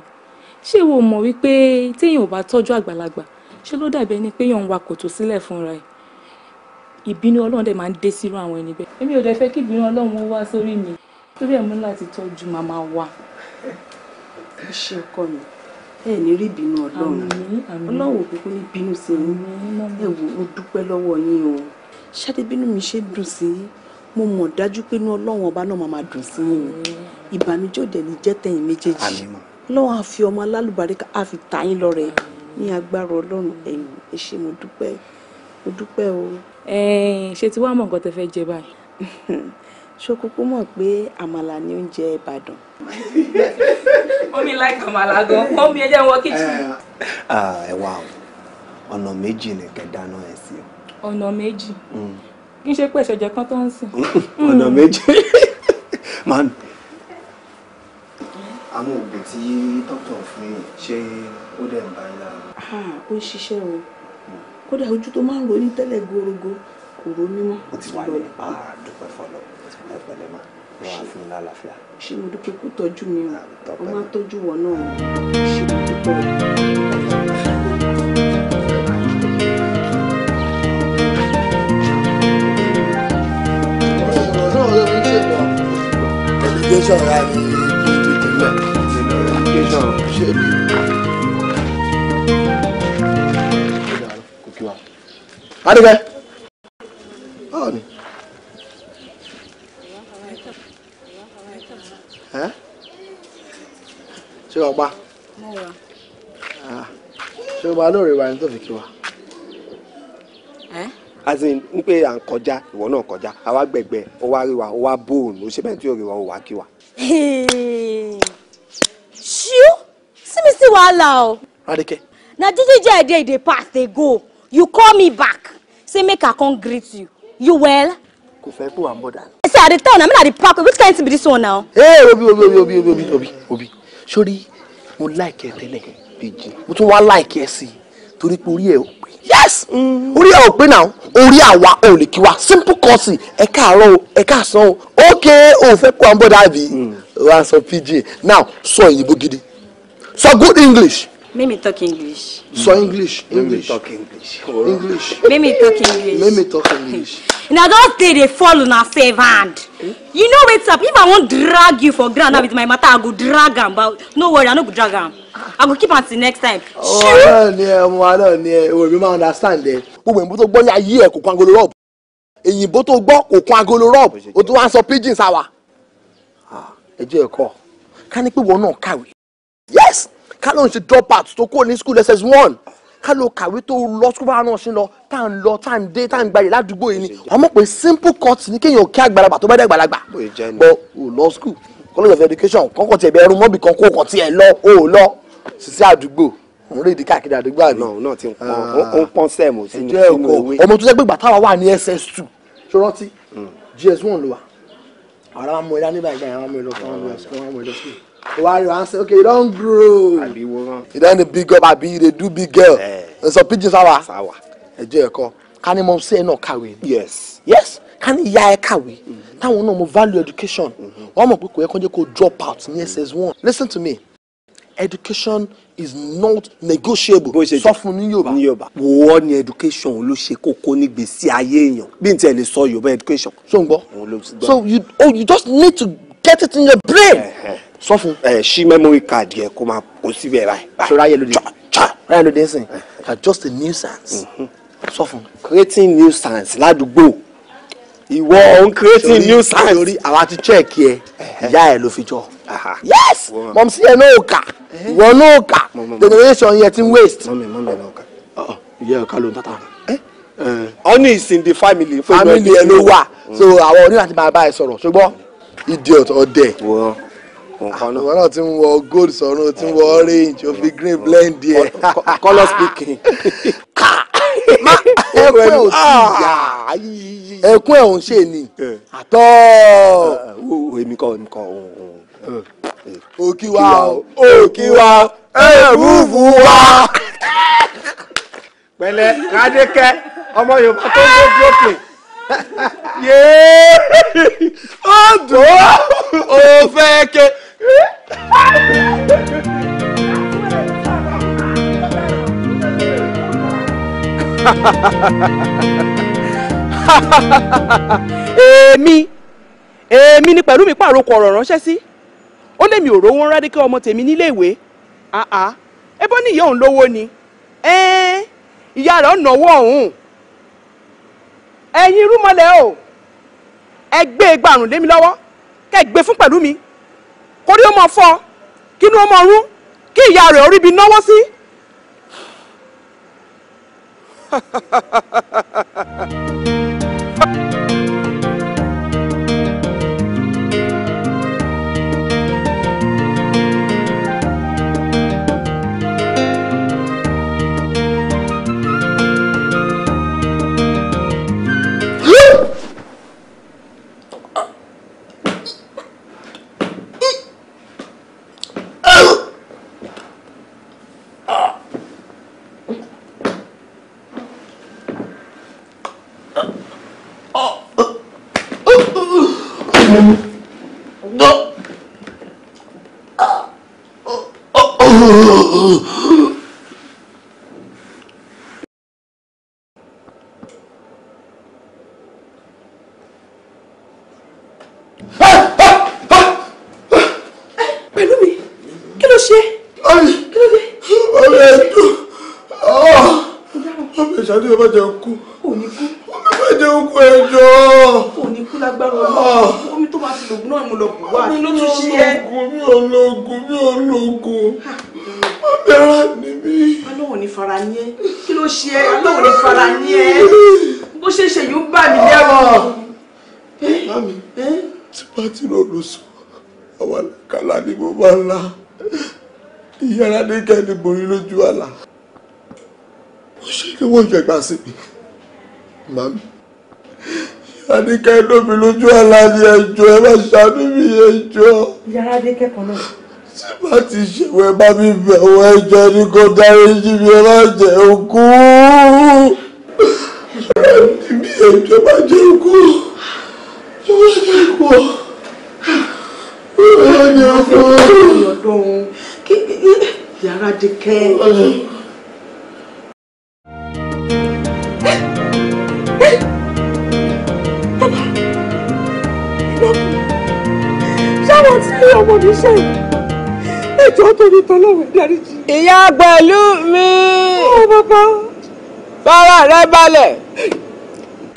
ṣé wo mọ̀ wípé téèyàn ò bá tọ́jú àgbàlagbà ṣé ló dàbí ẹni pé yàn ń wa kòtò sílẹ̀ fúnra ẹ̀ ìbínú ọlọ́run dẹ̀ máa ń dé sírú àwọn ẹni bẹ́ẹ̀ èmi ò dẹ̀ fẹ́ kí ìbínú ọlọ́run wá sórí mi torí ẹ̀ mú láti tọ́jú màmá wa. ẹ ṣe ọkọ mi ẹ ní rí ìbínú ọlọ́run ọlọ́run òkùnkùn ní bínú sí i ẹ wò ó dúpẹ́ lọ́wọ́ yín o ṣáde bínú mi ṣe dùn sí i mo mọ̀ dájú pé inú ọlọ́run ọba náà máa dùn sí yín ìbànújẹ́ òdẹ̀ ní jẹ́ méjèèjì ọlọ́run á ọmọ alálùbáríkà á fi ta yín ní agbára ọlọ́run ẹ̀yìn ẹ ṣé mo dúpẹ́ mo dúpẹ́ o. ṣé tí wàá mọ̀ nǹkan tẹ fẹ́ jẹ báyìí. [LAUGHS] ṣó kúkú mọ̀ pé àmàlà ni oúnjẹ ìbàdàn. mọ́mí [LAUGHS] láìka àmàlà gan mọ́mí ẹ jẹ́ wọ kíchìn. Eh, ah, ẹ wá o ọ̀nà méjì ni kẹ́ dáná ẹ̀ sí. ọ̀nà méjì mm. kí n ṣe pé kan tó ń sìn. [LAUGHS] ọ̀nà mm. méjì man àwọn oògùn tí dókítà fún yìí ṣé ó dẹ̀ ń bá yín lára. ó ń ṣiṣẹ́ o kódà ojú tó máa ń ro ní tẹ́lẹ̀ gorogo kò ro mímọ́. ó ti wà ní àdúpẹ́ fọlọ́ ẹ pẹ̀lẹ́ ma wọ́n á fún mi lálàáfíà. ṣé mo dúpẹ́ kó tọ́jú mi o mo máa tọ́jú wọ náà ṣé mo dúpẹ́ o. Deixa eu application. ṣé mi. adébẹ́ báwo ni. ṣé ọba ah. ṣé ọba lóore wa ni tó fi kí wa. as in ní pé à ń kọjá ìwọ náà kọjá àwa gbẹgbẹ ó wá rí wa ó wá bóun ó ṣe bẹ́ẹ̀ wa ó shiu see me see wahala o. Arike. na jijiji i dey dey pass dey go you call me back say make i come greet you you well. kò fẹ́ kó wà ń bọ̀ dà. ẹ sẹ́ àdé tán na mi na dey which kind thing be this one now. ee obi obi obi obi obi obi obi obi sori mo like ẹ tẹ́lẹ̀ bèjì mo tún wá like ẹ sí i torí pé orí ẹ ò pé yes orí ẹ ò pé náà orí àwa ò lè kí wa simple course ẹ káàárọ̀ o ẹ káàsán o ok o fẹ́ kó àwọn bọ́dà bí hmm. wàá sọ pidgin now sọ òyìnbó gidi sọ good english. Make me talk English. So English, English. Make talk English. English. Make me talk English. Make me talk English. [LAUGHS] Now don't say they fall on our fair hand. Hmm? You know what's up. If I won't drag you for ground now with my matter, I go drag him. But no worry, I no go drag him. I go keep am till next time. Oh, I don't know, mo, I don't know. We oh, ma understand eh. Gbogbo ìbò tó gbọ́ ní ayé ẹ̀ kò kan agolo rọ́ọ̀bù. Èyìnbó tó gbọ́ kò kan agolo rọ́ọ̀bù. O tún wá ń sọ pidgin sáwa. Ah, Ẹjọ́ ẹ̀kọ́, ká ní pé wọn náà kàwé kálọ̀ ń ṣe drop out tó kúrò ní school ss1 kálọ̀ kàwé tó lọ tó bá náà ṣe lọ tá à ń lọ tá à ń dé tá à ń gbalè ládùúgbò yìí ni wọ́n mọ̀ pé simple cut ní kéèyàn kí àgbàlagbà tó bá dé àgbàlagbà bọ́ ò lọ school college of education kọ́kọ́ tiẹ̀ bẹ ẹrú mọ́bì kan kó kọ́ tiẹ̀ lọ ò lọ sisi àdúgbò òun lè di káàkiri àdúgbò àná. náà náà ti ń pọn ah. ń pọn sẹ́ẹ̀mù sínú ìwé. ọmọ tó jẹ́ pé gbàtàwà wà ní ss2 ṣó rántí hmm. gs1 ló wà àwọn ará mọ̀ ẹ̀dá nígbà ìgbà yẹn àwọn ọmọ ìlọsọ àwọn ọmọ ìlọsọ why you answer okay you don grow you don dey big up abi you dey do big girl na eh. some pidgin sawa ẹjọ ẹkọ ká ní mo ṣe ẹ náà kàwé yes yes ká ní ìyá ẹ kàwé mm-hmm. táwọn náà mo value education mm-hmm. wọn mọ̀ pé kò yẹ kó jẹ́ kó drop out ní mm-hmm. ss1 listen to me education is not negotiable. bó ṣe jẹ sọ fún ní yorùbá. ní yorùbá wọ́ọ́ ni education ló ṣe kókó ní gbèsè ayé èèyàn bí n tẹ̀ lè sọ yorùbá education. so n gbọ́ so you oh you just need to get it in your brain. sọ fún ẹ ṣí memory card yẹ kó máa kó síbẹ̀ báyìí. sọ ráyè lóde ráyè lóde sìn you are just a nuisance. Mm-hmm. sọ fún. creating nuisance ládùúgbò ìwọ òun creating nuisance. sori àwa ti check yẹ ìyá ẹ ló fi jọ. yes mọ̀mísí ẹ náà kà ìwọ náà kà generation yẹ ti ń waste. mọ̀mí mọ̀mí náà kà uh-uh. ìyá ẹ̀ ká ló ń tata honey is in the family. family ẹ ló wà so àwọn oníwà ti máa bá ẹ sọ̀rọ̀ ṣùgbọ́n idiot ọdẹ. wọ nǹkan náà. ìwọ́n náà ti ń wọ gold sọ̀rọ̀ ti ń wọ orange o fi green blend yẹ. colour speaking. [LAUGHS] má [LAUGHS] ẹkún ẹ̀ ò sí yà ẹkún ẹ̀ ò ń ṣe ni àtọ́. èmi kọ́ èmi kọ́ òun. òkì wa òkì wa ẹ̀ẹ́dùfù wa. pẹ̀lẹ́ kádékẹ́ ọmọ yorùbá tó ń gbé bí ó pè yéé ó dùn ó fẹ́ ké. èmi èmi ni pẹ̀lú mi pàrokò ọ̀rọ̀ ránṣẹ́ sí ó lé mi ò rówó ń rádé kí ọmọ tèmi nílé ìwé ẹ bọ́ ní ìyá òun lówó ni ìyá rẹ̀ ọ̀nà owó ọ̀hún ẹ̀yin irúmọlẹ̀ o ẹ gbé egba àrùn lé mi lọ́wọ́ kẹ́ ẹ gbé fún pẹ̀lú mi kórí ó mọ fọ́ kínú ó mọ rú kí ìyá rẹ̀ orí bi náwó sí. Ha ha ha ha ha ha. gbà sí mi màmí adékẹ́ lómi lójú àlá ni ẹjọ́ ẹ má ṣàánú mi ẹjọ́. yàrá adékẹ́ kan náà. tí bá ti ṣèwọ ẹ bá mi bẹ̀wọ̀ ẹjọ́ ni kò dáríjì mi ẹ má jẹ́ òkú. mi ẹjọ́ má jẹ́ òkú. ṣé wọ́n jẹ́ òkú? wọ́n jẹ́ òkú. yàrá adékẹ́. ní ọmọdé sẹ́yìn ẹjọ́ torí tọ́lọ́wẹ̀ dáríjì. ìyá pẹ̀lú mi. ó bàbá. fara rẹ balẹ̀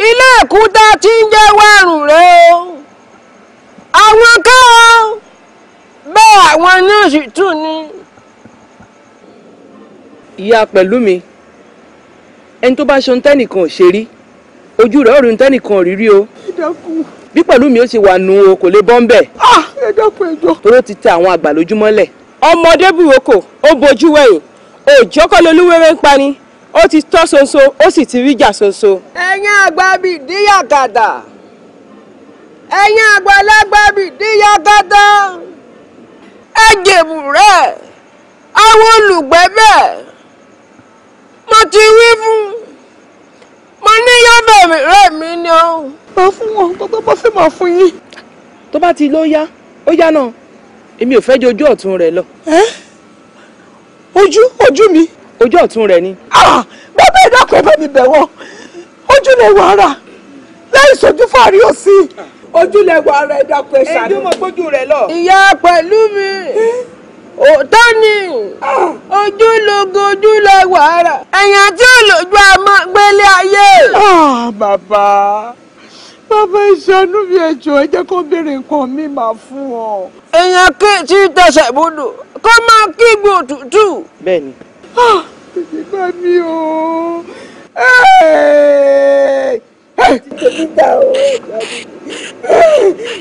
ilé ẹ̀kúta tí ń jẹ́ wẹ́rùn rẹ o àwọn kan bẹ́ẹ̀ àwọn náà sì tún ni. ìyá pẹ̀lú mi ẹni tó bá ṣe ohun tẹ́nìkan ò ṣe rí ojú rẹ̀ ò rí ohun tẹ́nìkan rí rí o. ẹ bí pẹ̀lú mi ó ṣe wà nù o kò lè bọ́ ń bẹ̀. Ah, ẹ dákun ẹ jọ. toró ti tẹ àwọn àgbà lójúmọ́lẹ̀. ọmọdé burúkú ó bojú wẹ̀yìn òjòkòlólúwẹ̀rẹ̀ ń pani ó ti tọ́ ṣoṣo ó sì ti rí jà ṣoṣo. ẹ̀yin àgbà bíi díyà gàdà ẹ̀yin àgbàlagbà bíi díyà gàdà ẹ jèbù rẹ̀ àwọn olùgbẹ́ bẹ́ẹ̀ mo ti wí fún ní yọ́bà rẹ̀ mi ni ó. mo fún wọn gbogbo bó ṣe mọ̀ fún yín. tó bá ti lọ yá ó yá náà èmi ò fẹ́ ju ojú ọ̀tún rẹ̀ lọ. ojú ojú mi. ojú ọ̀tún rẹ̀ ni. Ah! bàbá ìdákọ̀ ẹ bá mi bẹ̀ wọ́n ojú lè wọ ara láì sojú fàárí ó sí. ojú lè wọ ara ìdákọ̀ ẹ ṣàlẹ̀. èyí mo gbójú rẹ̀ lọ. ìyá pẹ̀lú mi tọ́ni ojúlógo ojúlọ wàrà ẹ̀yàn tí ò lójú àmọ́ gbélé ayé. Ah, bàbá bàbá ìṣàánú mi ẹjọ ẹ jẹ́ kó béèrè nǹkan mi máa fún ọ. èèyàn ké tí tẹsẹ̀ bodò kó máa kígbe òtútù. bẹ́ẹ̀ni. Ah, tètè bá mi o.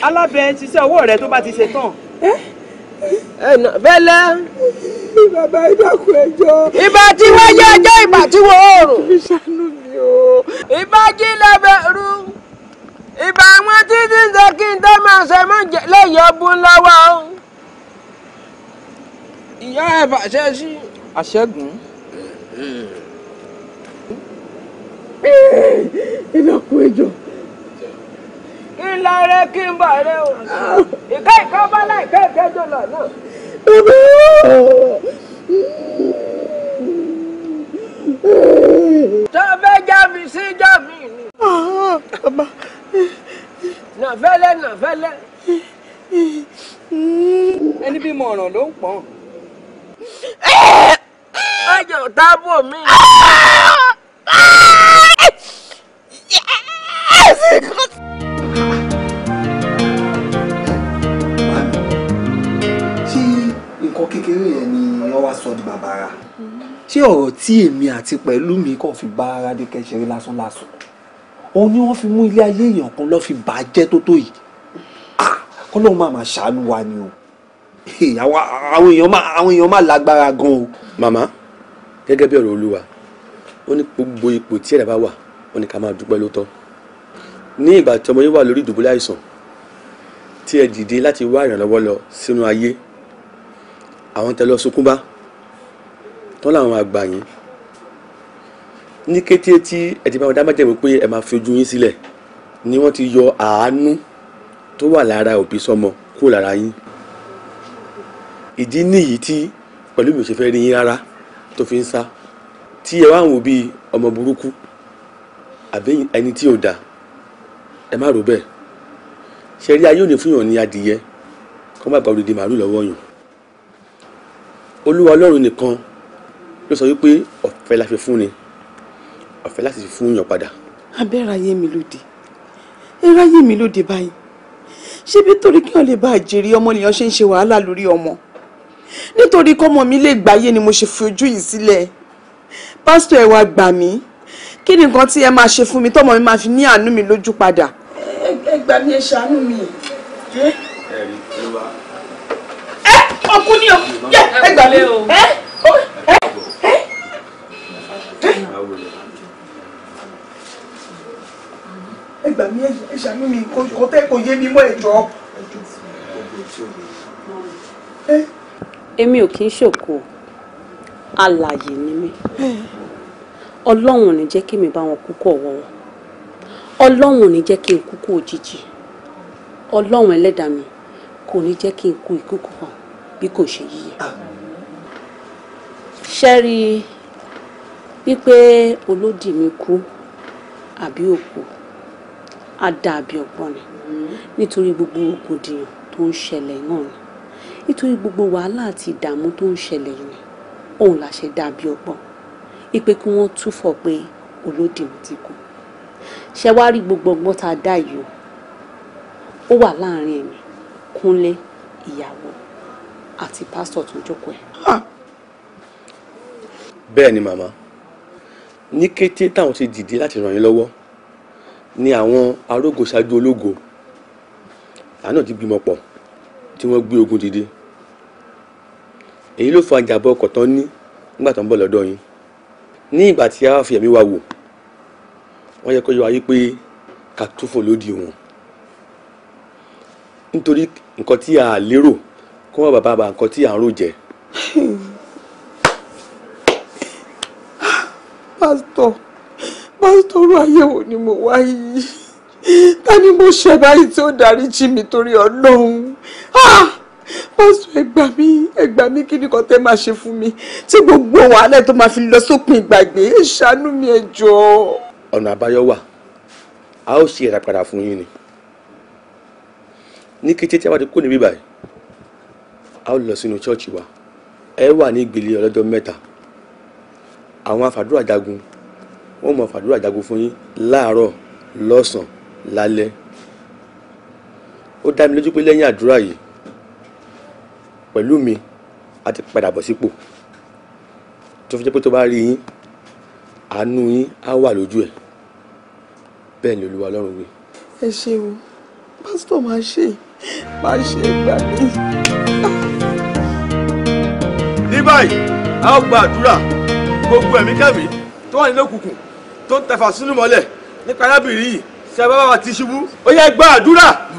alábẹ̀ẹ́ ṣiṣẹ́ ọwọ́ rẹ tó bá ti ṣe tán. Eh? ẹnà bẹ́lẹ́. bàbá ìdàkùn ẹjọ́. ìbà tí wáyé ẹjọ́ ìbà tí wọ́n oòrùn. fi ṣàánú mi o. ìbà jí lẹ́bẹ̀rú. ìbà àwọn títí ń sọ kí n tó máa ṣe mọ́ lẹ́yìn ọbùn lọ́wọ́ ìyá ẹ̀ bàṣẹ sí. àṣẹgùn. ìdàkùn ẹjọ́ ìlà rẹ kí n bà rẹ o ìka ìka bọ́lá ìka ìkẹjọ lọ náà. tó fẹ́ já mi sí já mi ni. nàfẹ́lẹ́ nàfẹ́lẹ́ ẹni bí mo ràn ló ń pọ́n. ayọ̀ tábò mi. Yes! nǹkan kékeré yẹn ni wọ́n wá sọ di bàbàrà mm-hmm. ṣé ọ̀rọ̀ tí èmi àti pẹ̀lú mi kàn fi bá Rádékẹ́ ṣeré lásán lásán òun ni wọ́n fi mú ilé ayé èèyàn kan lọ́ fi bàjẹ́ tó tó yìí ah! kọ́ lóun máa máa ṣàánú wa ni o àwọn èèyàn máa àwọn èèyàn máa lágbára gan o. màmá gẹ́gẹ́ bí ọ̀rọ̀ olúwa ó ní gbogbo ipò tí ẹ̀dá bá wà ó ní ká máa dúpẹ́ lóòótọ́ ní ìgbà tí ọmọ yín wà lórí ìdùbúlẹ̀ àìsàn tí ẹ dìde láti wá ìrànlọ́wọ́ lọ sínú ayé àwọn tẹ lọ sunkún bá tán làwọn àgbà yẹn ní kété tí ẹ ti bá wọn ẹ máa fi yín sílẹ̀ ni wọ́n ti yọ àánú tó wà lára òbí sọmọ kúrò lára yín ìdí nìyí tí pẹ̀lú mi ò ṣe fẹ́ rí yín rárá tó fi ń sá tí ẹ wá ń wò bíi ọmọ burúkú àbí ẹni tí ò dà ẹ má rò bẹ́ẹ̀ ṣe rí ayé òní fún yàn ní adìyẹ kó má gba olùdí màálù lọ́wọ́ yàn olúwa ọlọ́run nìkan ló sọ wípé ọ̀fẹ́ la fi fún ni ọ̀fẹ́ láti fi fún yàn padà. abẹ́rẹ́ ayé mi lòdì ẹ̀rọ ayé mi lòdì báyìí ṣé bí torí kí wọ́n lè bá àjèrè ọmọ nìyàn ṣe ń ṣe wàhálà lórí ọmọ nítorí kọ́mọ mi lè gbáyé ni mo ṣe fi ojú yìí sílẹ̀ pásítọ̀ ẹ wá gbà mí kí ni nǹkan tí ẹ máa ṣe fún mi tọ́mọ mi máa fi ní àánú mi lójú padà. ẹ gbà mí ẹ ṣàánú mi. ẹ rí ló wá ọkú ni o yẹ ẹ gbà mí ẹ ẹ ẹ. ẹ gbà mí ẹ ṣàánú mi kò tẹ́ kò yé mi mọ́ ẹ jọ. èmi ò kì í ṣòkò alààyè ni mí ọlọ́run ò ní jẹ́ kí mi bá wọn kú kọ̀ wọ́n ọlọ́run ò ní jẹ́ kí n kú kú òjijì ọlọ́run ẹlẹ́dàá mi kò ní jẹ́ kí n kú ikú kan bí kò ṣe yíyẹ. ṣẹ́rí wípé olódì mi kú àbí òkú á dá àbí ọgbọ́n ni nítorí gbogbo ògùndìyàn tó ń ṣẹlẹ̀ náà ni nítorí gbogbo wàhálà àti ìdààmú tó ń ṣẹlẹ̀ yìí ni òun là ṣe dá àbí ọgbọ́n ipe kí wọ́n túfọ̀ pé olódì mi ti kú ṣe wá rí gbogbo ọgbọ́n tá a dá yìí ó wà láàrin ẹ̀mí kúnlé ìyàwó àti pásítọ̀ tó jókòó ẹ̀. bẹ́ẹ̀ ni màmá ní kété táwọn ti dìde láti ràn yín lọ́wọ́ ni àwọn arógo ṣáájú ológo àánà ti gbìmọ̀ pọ̀ tí wọ́n gbé ogun dìde èyí ló fa ìjàmbá ọkọ̀ tán ní nígbà tó ń bọ̀ lọ́dọ̀ yín ní ìgbà tí a fi ẹ̀mí wa wò wọ́n yẹ kó yọ ayé pé kàtúfò lódì wọn nítorí nǹkan tí a lérò kó mọ bàbá bá nǹkan tí à ń rò jẹ. pásítọ̀ pásítọ̀ ọ̀rọ̀ àyẹ̀wò ni mo wá yìí ta ni mo ṣe báyìí tí ó dáríjì mi torí ọlọ́run pásítọ̀ ẹ gbà mí ẹ gbà mí kí ni kan tẹ́ máa ṣe fún mi tí gbogbo wàhálà tó máa fi lọ sópin ìgbàgbé ẹ ṣàánú mi ẹ jọ̀ọ́. ọ̀nà àbáyọ wà a ó ṣe ìràpadà fún yín ni ní kété tí a bá ti kó níbí báyìí a ó lọ sínú ṣọ́ọ̀ṣì wa ẹ wà ní ìgbélé ọlọ́jọ́ mẹ́ta àwọn afàdúrà jagun wọ́n mọ̀ fàdúrà jagun fún yín láàárọ̀ lọ́sàn lálẹ́ ó dá mi lójú pé lẹ́yìn àdúrà yìí pẹ̀lú mi a ti padà bọ̀ sípò tó fi jẹ́ pé tó bá rí yín àánú yín á wà lójú ẹ̀ bẹ́ẹ̀ ni olúwa ọlọ́run wí. ẹ ṣeun pásítọ̀ máa ṣe máa ṣe ìgbà mi báyìí a ó gba àdúrà gbogbo ẹ̀mí kẹ́mí tó wà nínú òkùnkùn tó ń tẹ̀fà sínú mọ́lẹ̀ nípa arábìnrin yìí ṣe bá bá wa ti ṣubú ó yẹ gba àdúrà.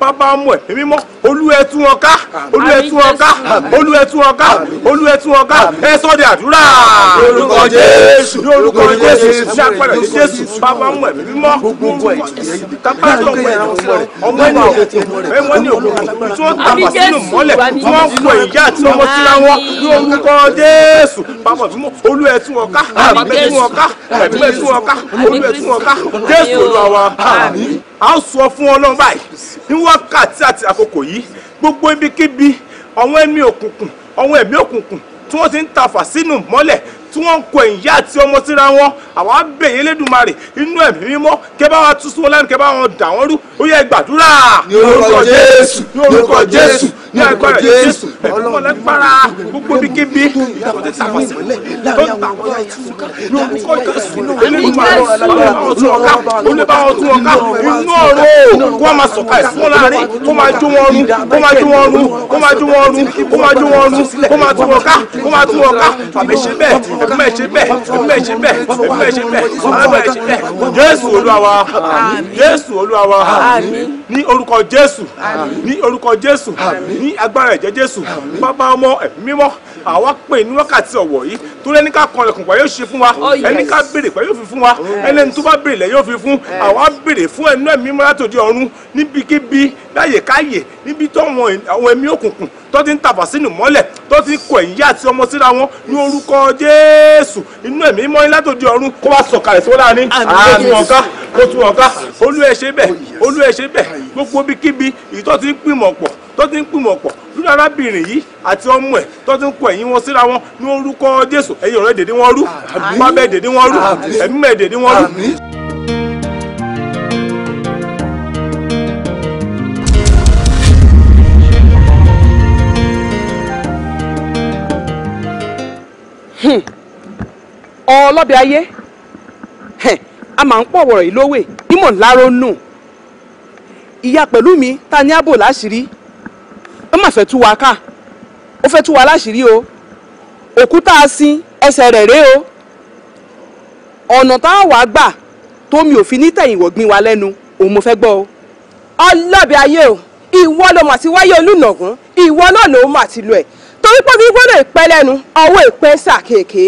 bàbá mú ẹ̀mí mímọ́ olú ẹ tú wọn ká olú ẹ tú wọn ká olú ẹ tú wọn ká olú ẹ tú wọn ká ẹ sọ di àdúrà. lórúkọ jésù lórúkọ jésù ṣe àpẹẹrẹ ní jésù bàbá mú ẹ̀mí mímọ́ gbogbo ẹ kápá ló ń wẹ ọmọ ẹni òkú ẹ wọn ní òkú tí wọn tàbà sínú mọ́lẹ̀ tí wọn kọ ìyá àti ọmọ síra wọn lórúkọ jésù bàbá mímọ́ olú ẹ tú wọn ká bàbá ẹ tú wọn ká ẹ̀mí ẹ tú wọn ká olú ẹ tú wọn ká jésù olú àwa a sọ fún ọlọ́run báyìí wákàtí àti àkókò yìí gbogbo ibikíbi àwọn ẹ̀mí òkùnkùn àwọn ẹ̀mí òkùnkùn tí wọ́n ti ń tafà sínú mọ́lẹ̀ tí wọ́n ń kọ ìyá àti ọmọ síra wọn àwa bẹ̀yẹ lẹ́dùnmarè inú ẹ̀mí mímọ́ kẹ́ bá wa tú sí wọn lẹ́nu kẹ́ bá wọn dà wọ́n rú ó yẹ gbàdúrà. ní orúkọ jésù ní orúkọ jésù ní orúkọ jésù ọlọ́run lẹ́gbàrà gbogbo bíkíbi yàtọ̀ tẹ̀ tàbọ̀ sílẹ̀ tó ń tà wọ́n ní orúkọ jésù lẹ́dùnmarè ó ní bá wọn tún ọ̀ká ó ní bá wọn tún ọ̀ká inú ọ̀rọ̀ kó máa sọ̀ka ìfún láàrin kó máa jó wọn rú kó máa jó wọn rú kó máa jó wọn rú kó máa jó wọn rú kó máa tún ọ̀ká kó máa tún ọ̀ká àbẹ̀ṣẹ́ bẹ́ẹ̀ ẹ̀mí ẹ̀ ṣe bẹ́ẹ̀ ẹ̀mí ẹ̀ ṣe bẹ́ẹ̀ ẹ̀mí ẹ̀ ṣe bẹ́ẹ̀ ọlọ́mọ ẹ̀ ṣe bẹ́ẹ̀ jésù olúwa wa jésù olúwa wa ní orúkọ jésù ní orúkọ jésù ní agbára ẹ̀jẹ̀ jésù bàbá ọmọ mímọ́ àwa pè ní wákàtí ọ̀wọ̀ yìí tó lẹ́ni ká kan ẹ̀kùn pẹ̀lú yóò ṣe fún wa oh, ẹni ká béèrè pẹ̀lú yóò fi fún wa oh, ẹni tó bá béèrè lẹ̀ yóò fi fún àwa béèrè fún ẹnu ẹ̀mí mọ́ra tòde ọ̀run níbikíbi láyè káyè níbi tó àwọn ẹ̀mí òkùnkùn tó ti ń tàfà sínú mọ́lẹ̀ tó ti ń kọ ìyá àti ọmọ síra wọn ní orúkọ jésù inú ẹ̀mí mọ́ ilá tó di ọ̀run kó wá sọ̀kalẹ̀ sí wọn láàrin àánú ọ̀ká kó tún ọ̀ká olú ẹ̀ ṣe bẹ́ẹ̀ olú ẹ̀ ṣe bẹ́ẹ̀ gbogbo bíkíbi ìtọ́ ti ń pìmọ̀ pọ̀ tó ti ń pìmọ̀ pọ̀ lórí arábìnrin yìí àti ọmọ ẹ̀ tó ti ń kọ ẹ̀yìn wọn síra wọn ní orúkọ jésù ẹ̀yin ọ̀rẹ́ dèdè wọn rú àbí wọn bẹ́ẹ̀ dèdè wọn rú ẹ̀mí mẹ́ẹ̀ dèdè wọn rú. Hmm. ọlọ́bẹ̀ ayé a máa ń pọ̀ wọ̀rọ̀ yìí lówè ìmọ̀ láró nù ìyá pẹ̀lú mi ta ní ààbò láṣìírí ó mà fẹ́ tú wa ká ó fẹ́ tú wa láṣìírí o òkúta sin ẹsẹ̀ rẹ̀ ré o ọ̀nà tá a wàá gbà tómi òfin nítẹ̀yìn wọ̀gbìn wa lẹ́nu òun mo fẹ́ gbọ́ o. ọlọ́bẹ̀ ayé o ìwọ ló mà ti wáyé olùnàgún ìwọ náà ló mà ti lọ ẹ̀ torí pé kí gbọ́dọ̀ ìpẹ́ lẹ́nu ọwọ́ ìpẹ́ sà kéèké.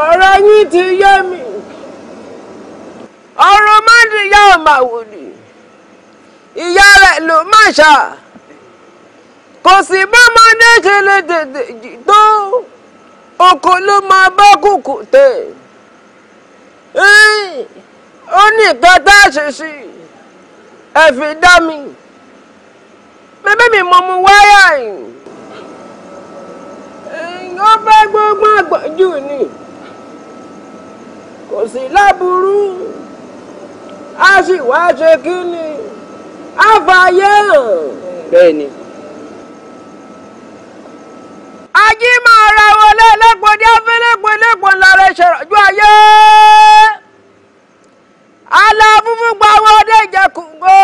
ọ̀rọ̀ yín ti yé mi ọ̀rọ̀ má ti yá ọ̀mà wòlì ìyá rẹ̀ ló má ṣà kò sì bọ́mọdé ṣe lè tètè jì tó oko ló máa bá kùkù tè ó ní tá a ṣe sí ẹ dá mi bébí mi mo mu wáyà yìí. ló bá gbogbo àgbọ̀njù ni kò sí láburú a sì wá ṣe kí ni a fààyè hàn. bẹ́ẹ̀ ni. ajímọ̀ ara wọlé lẹ́gbọ̀dé afẹ́lẹ́gbọ̀ lẹ́gbọ̀ lára ṣèrànjú ayé aláfúnfún gbàwọ́ ọdẹ ìjẹkùngbò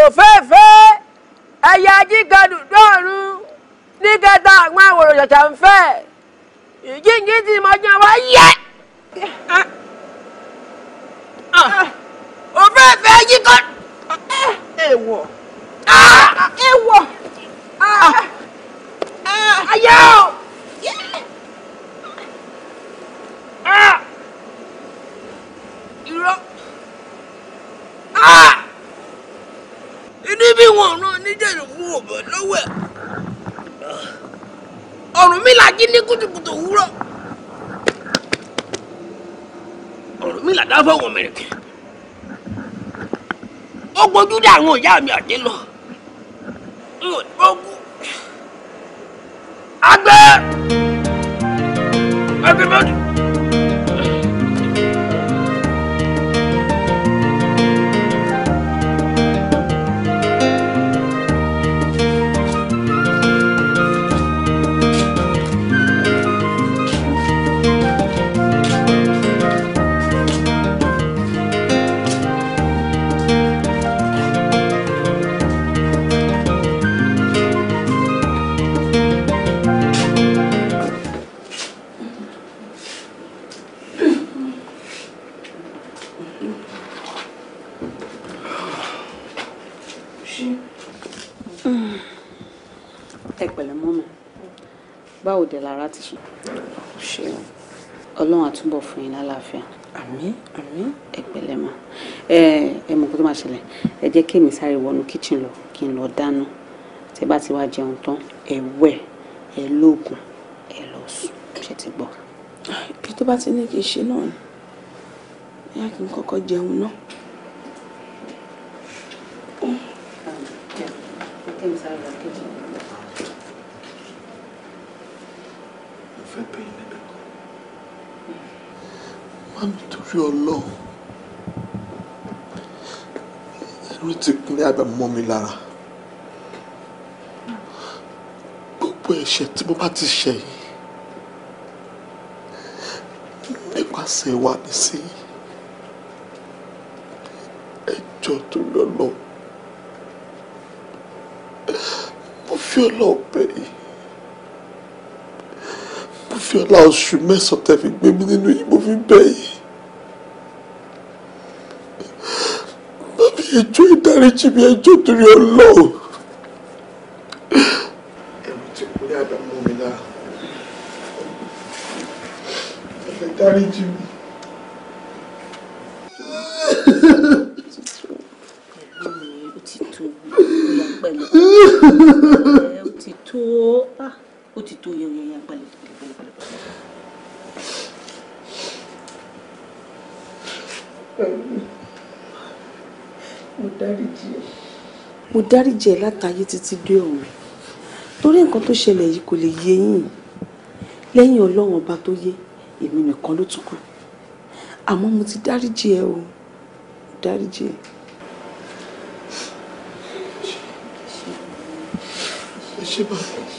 òféèfé ẹ̀yà jíga ní kẹta àwọn àwòrò ṣàṣà ń fẹ́ ìjíǹjí tí mo jẹ́ wá yẹ. o ah. ah. fẹ́ fẹ́ yí kọ́. Ah. èèwọ̀ èèwọ̀ ayé o. irọ́ inú bí wọn náà níjẹ̀rù fún ọ̀bẹ lọ́wọ́ ẹ̀. Ọ̀rúnmìlà jí ní kùtùkùtù òwúrọ̀ Ọ̀rúnmìlà dáfọ́ wọn mẹ̀rẹ̀kẹ́ ó gbójú dé àwọn ìyá mi àdé lọ n ò ní bọ́ọ̀kú àgbẹ̀ ẹgbẹ́ mọ́tò. dẹ̀ lára ti sùn. ṣeun ọlọ́run àtúbọ̀ fún yín lálàáfíà. àmín àmín. ẹ pẹ̀lẹ́ ma ẹ ẹ mọ̀ kó tó máa ṣẹlẹ̀ ẹ jẹ́ kémi sáré wọnú kíchìn lọ kí n lọ dáná tẹ bá ti wá jẹun tán ẹ wẹ̀ ẹ lóògùn ẹ lọ sùn ṣe ti gbọ́. ibi tó bá ti ní kí n ṣe náà ni bóyá kí n kọ́kọ́ jẹun náà. kémi sáré lọ. torí ọlọ́run ẹ̀rù ti kúnlé àgbà mọ́ mi lára gbogbo ẹ̀ṣẹ̀ tí mo bá ti ṣẹ̀ yìí nípasẹ̀ wa ní sí ẹjọ́ torí ọlọ́run mo fi ọlọ́run bẹ̀ yìí mo fi ọlá oṣù mẹ́sàn-án tẹ̀ fi gbé mi nínú yìí mo fi bẹ̀ yìí. bàbá ẹjọ́ ìdáríjì mi ẹjọ́ torí ọlọ́run. ẹ̀rù ti kú ní mi náà ẹ̀fẹ̀ dáríjì mi. ó ti tó ó ti tó yẹ̀yẹ̀ pẹ̀lú. Thank you mo dáríjì ẹ. mo dáríjì ẹ látayé títí dé ọ̀run torí nǹkan tó ṣẹlẹ̀ yìí kò lè yé yín lẹ́yìn ọlọ́run ọba tó yé èmi nìkan ló tún kù àmọ́ mo ti dáríjì ẹ o dáríjì ẹ. ẹ ṣe báyìí.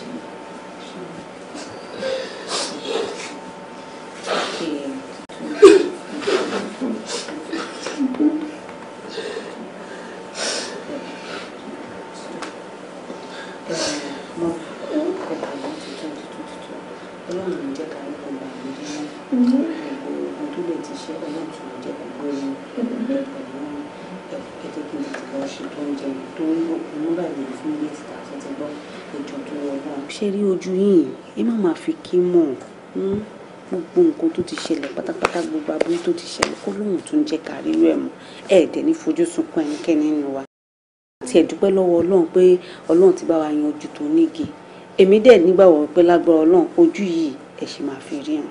gbogbo tó lè ti ṣe ọlọ́tún jẹ́ gbogbo ẹni mhm. pẹ̀lú ẹ̀jẹ̀ kí n ti lọ ṣe tó ń jẹ tó ń lò òun báyìí lè fún ilé títà tó ti gbọ́ ìjọ tó yọ náà. ṣé rí ojú yìí ẹ má máa fi kí mọ̀ hmm? gbogbo nǹkan tó ti ṣẹlẹ̀ pátápátá gbogbo aburú tó ti ṣẹlẹ̀ kó lóun tún jẹ́ ká rírú ẹ̀ mọ́ ẹ̀ẹ́dẹ̀ ní fojú sunkún ẹnikẹ́ni nínú wa àti ẹ̀dúpẹ́ lọ́wọ́ ọlọ́run pé ọlọ́run ti bá wa yan ojú tó nígi èmi dẹ̀ nígbàgbọ́ pé lágbára ọlọ́run ojú yìí ẹ ṣì máa fi ríran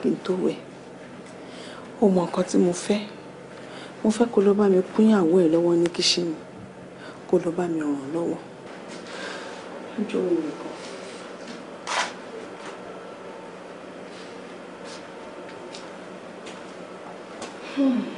kí n tó wẹ̀ o mọ nǹkan tí mo fẹ́ mo fẹ́ kó lọ bá mi kúnyàwó ẹ̀ lọ́wọ́ ní kíṣìnì kó lọ bá mi ràn lọ́wọ́ Hmm.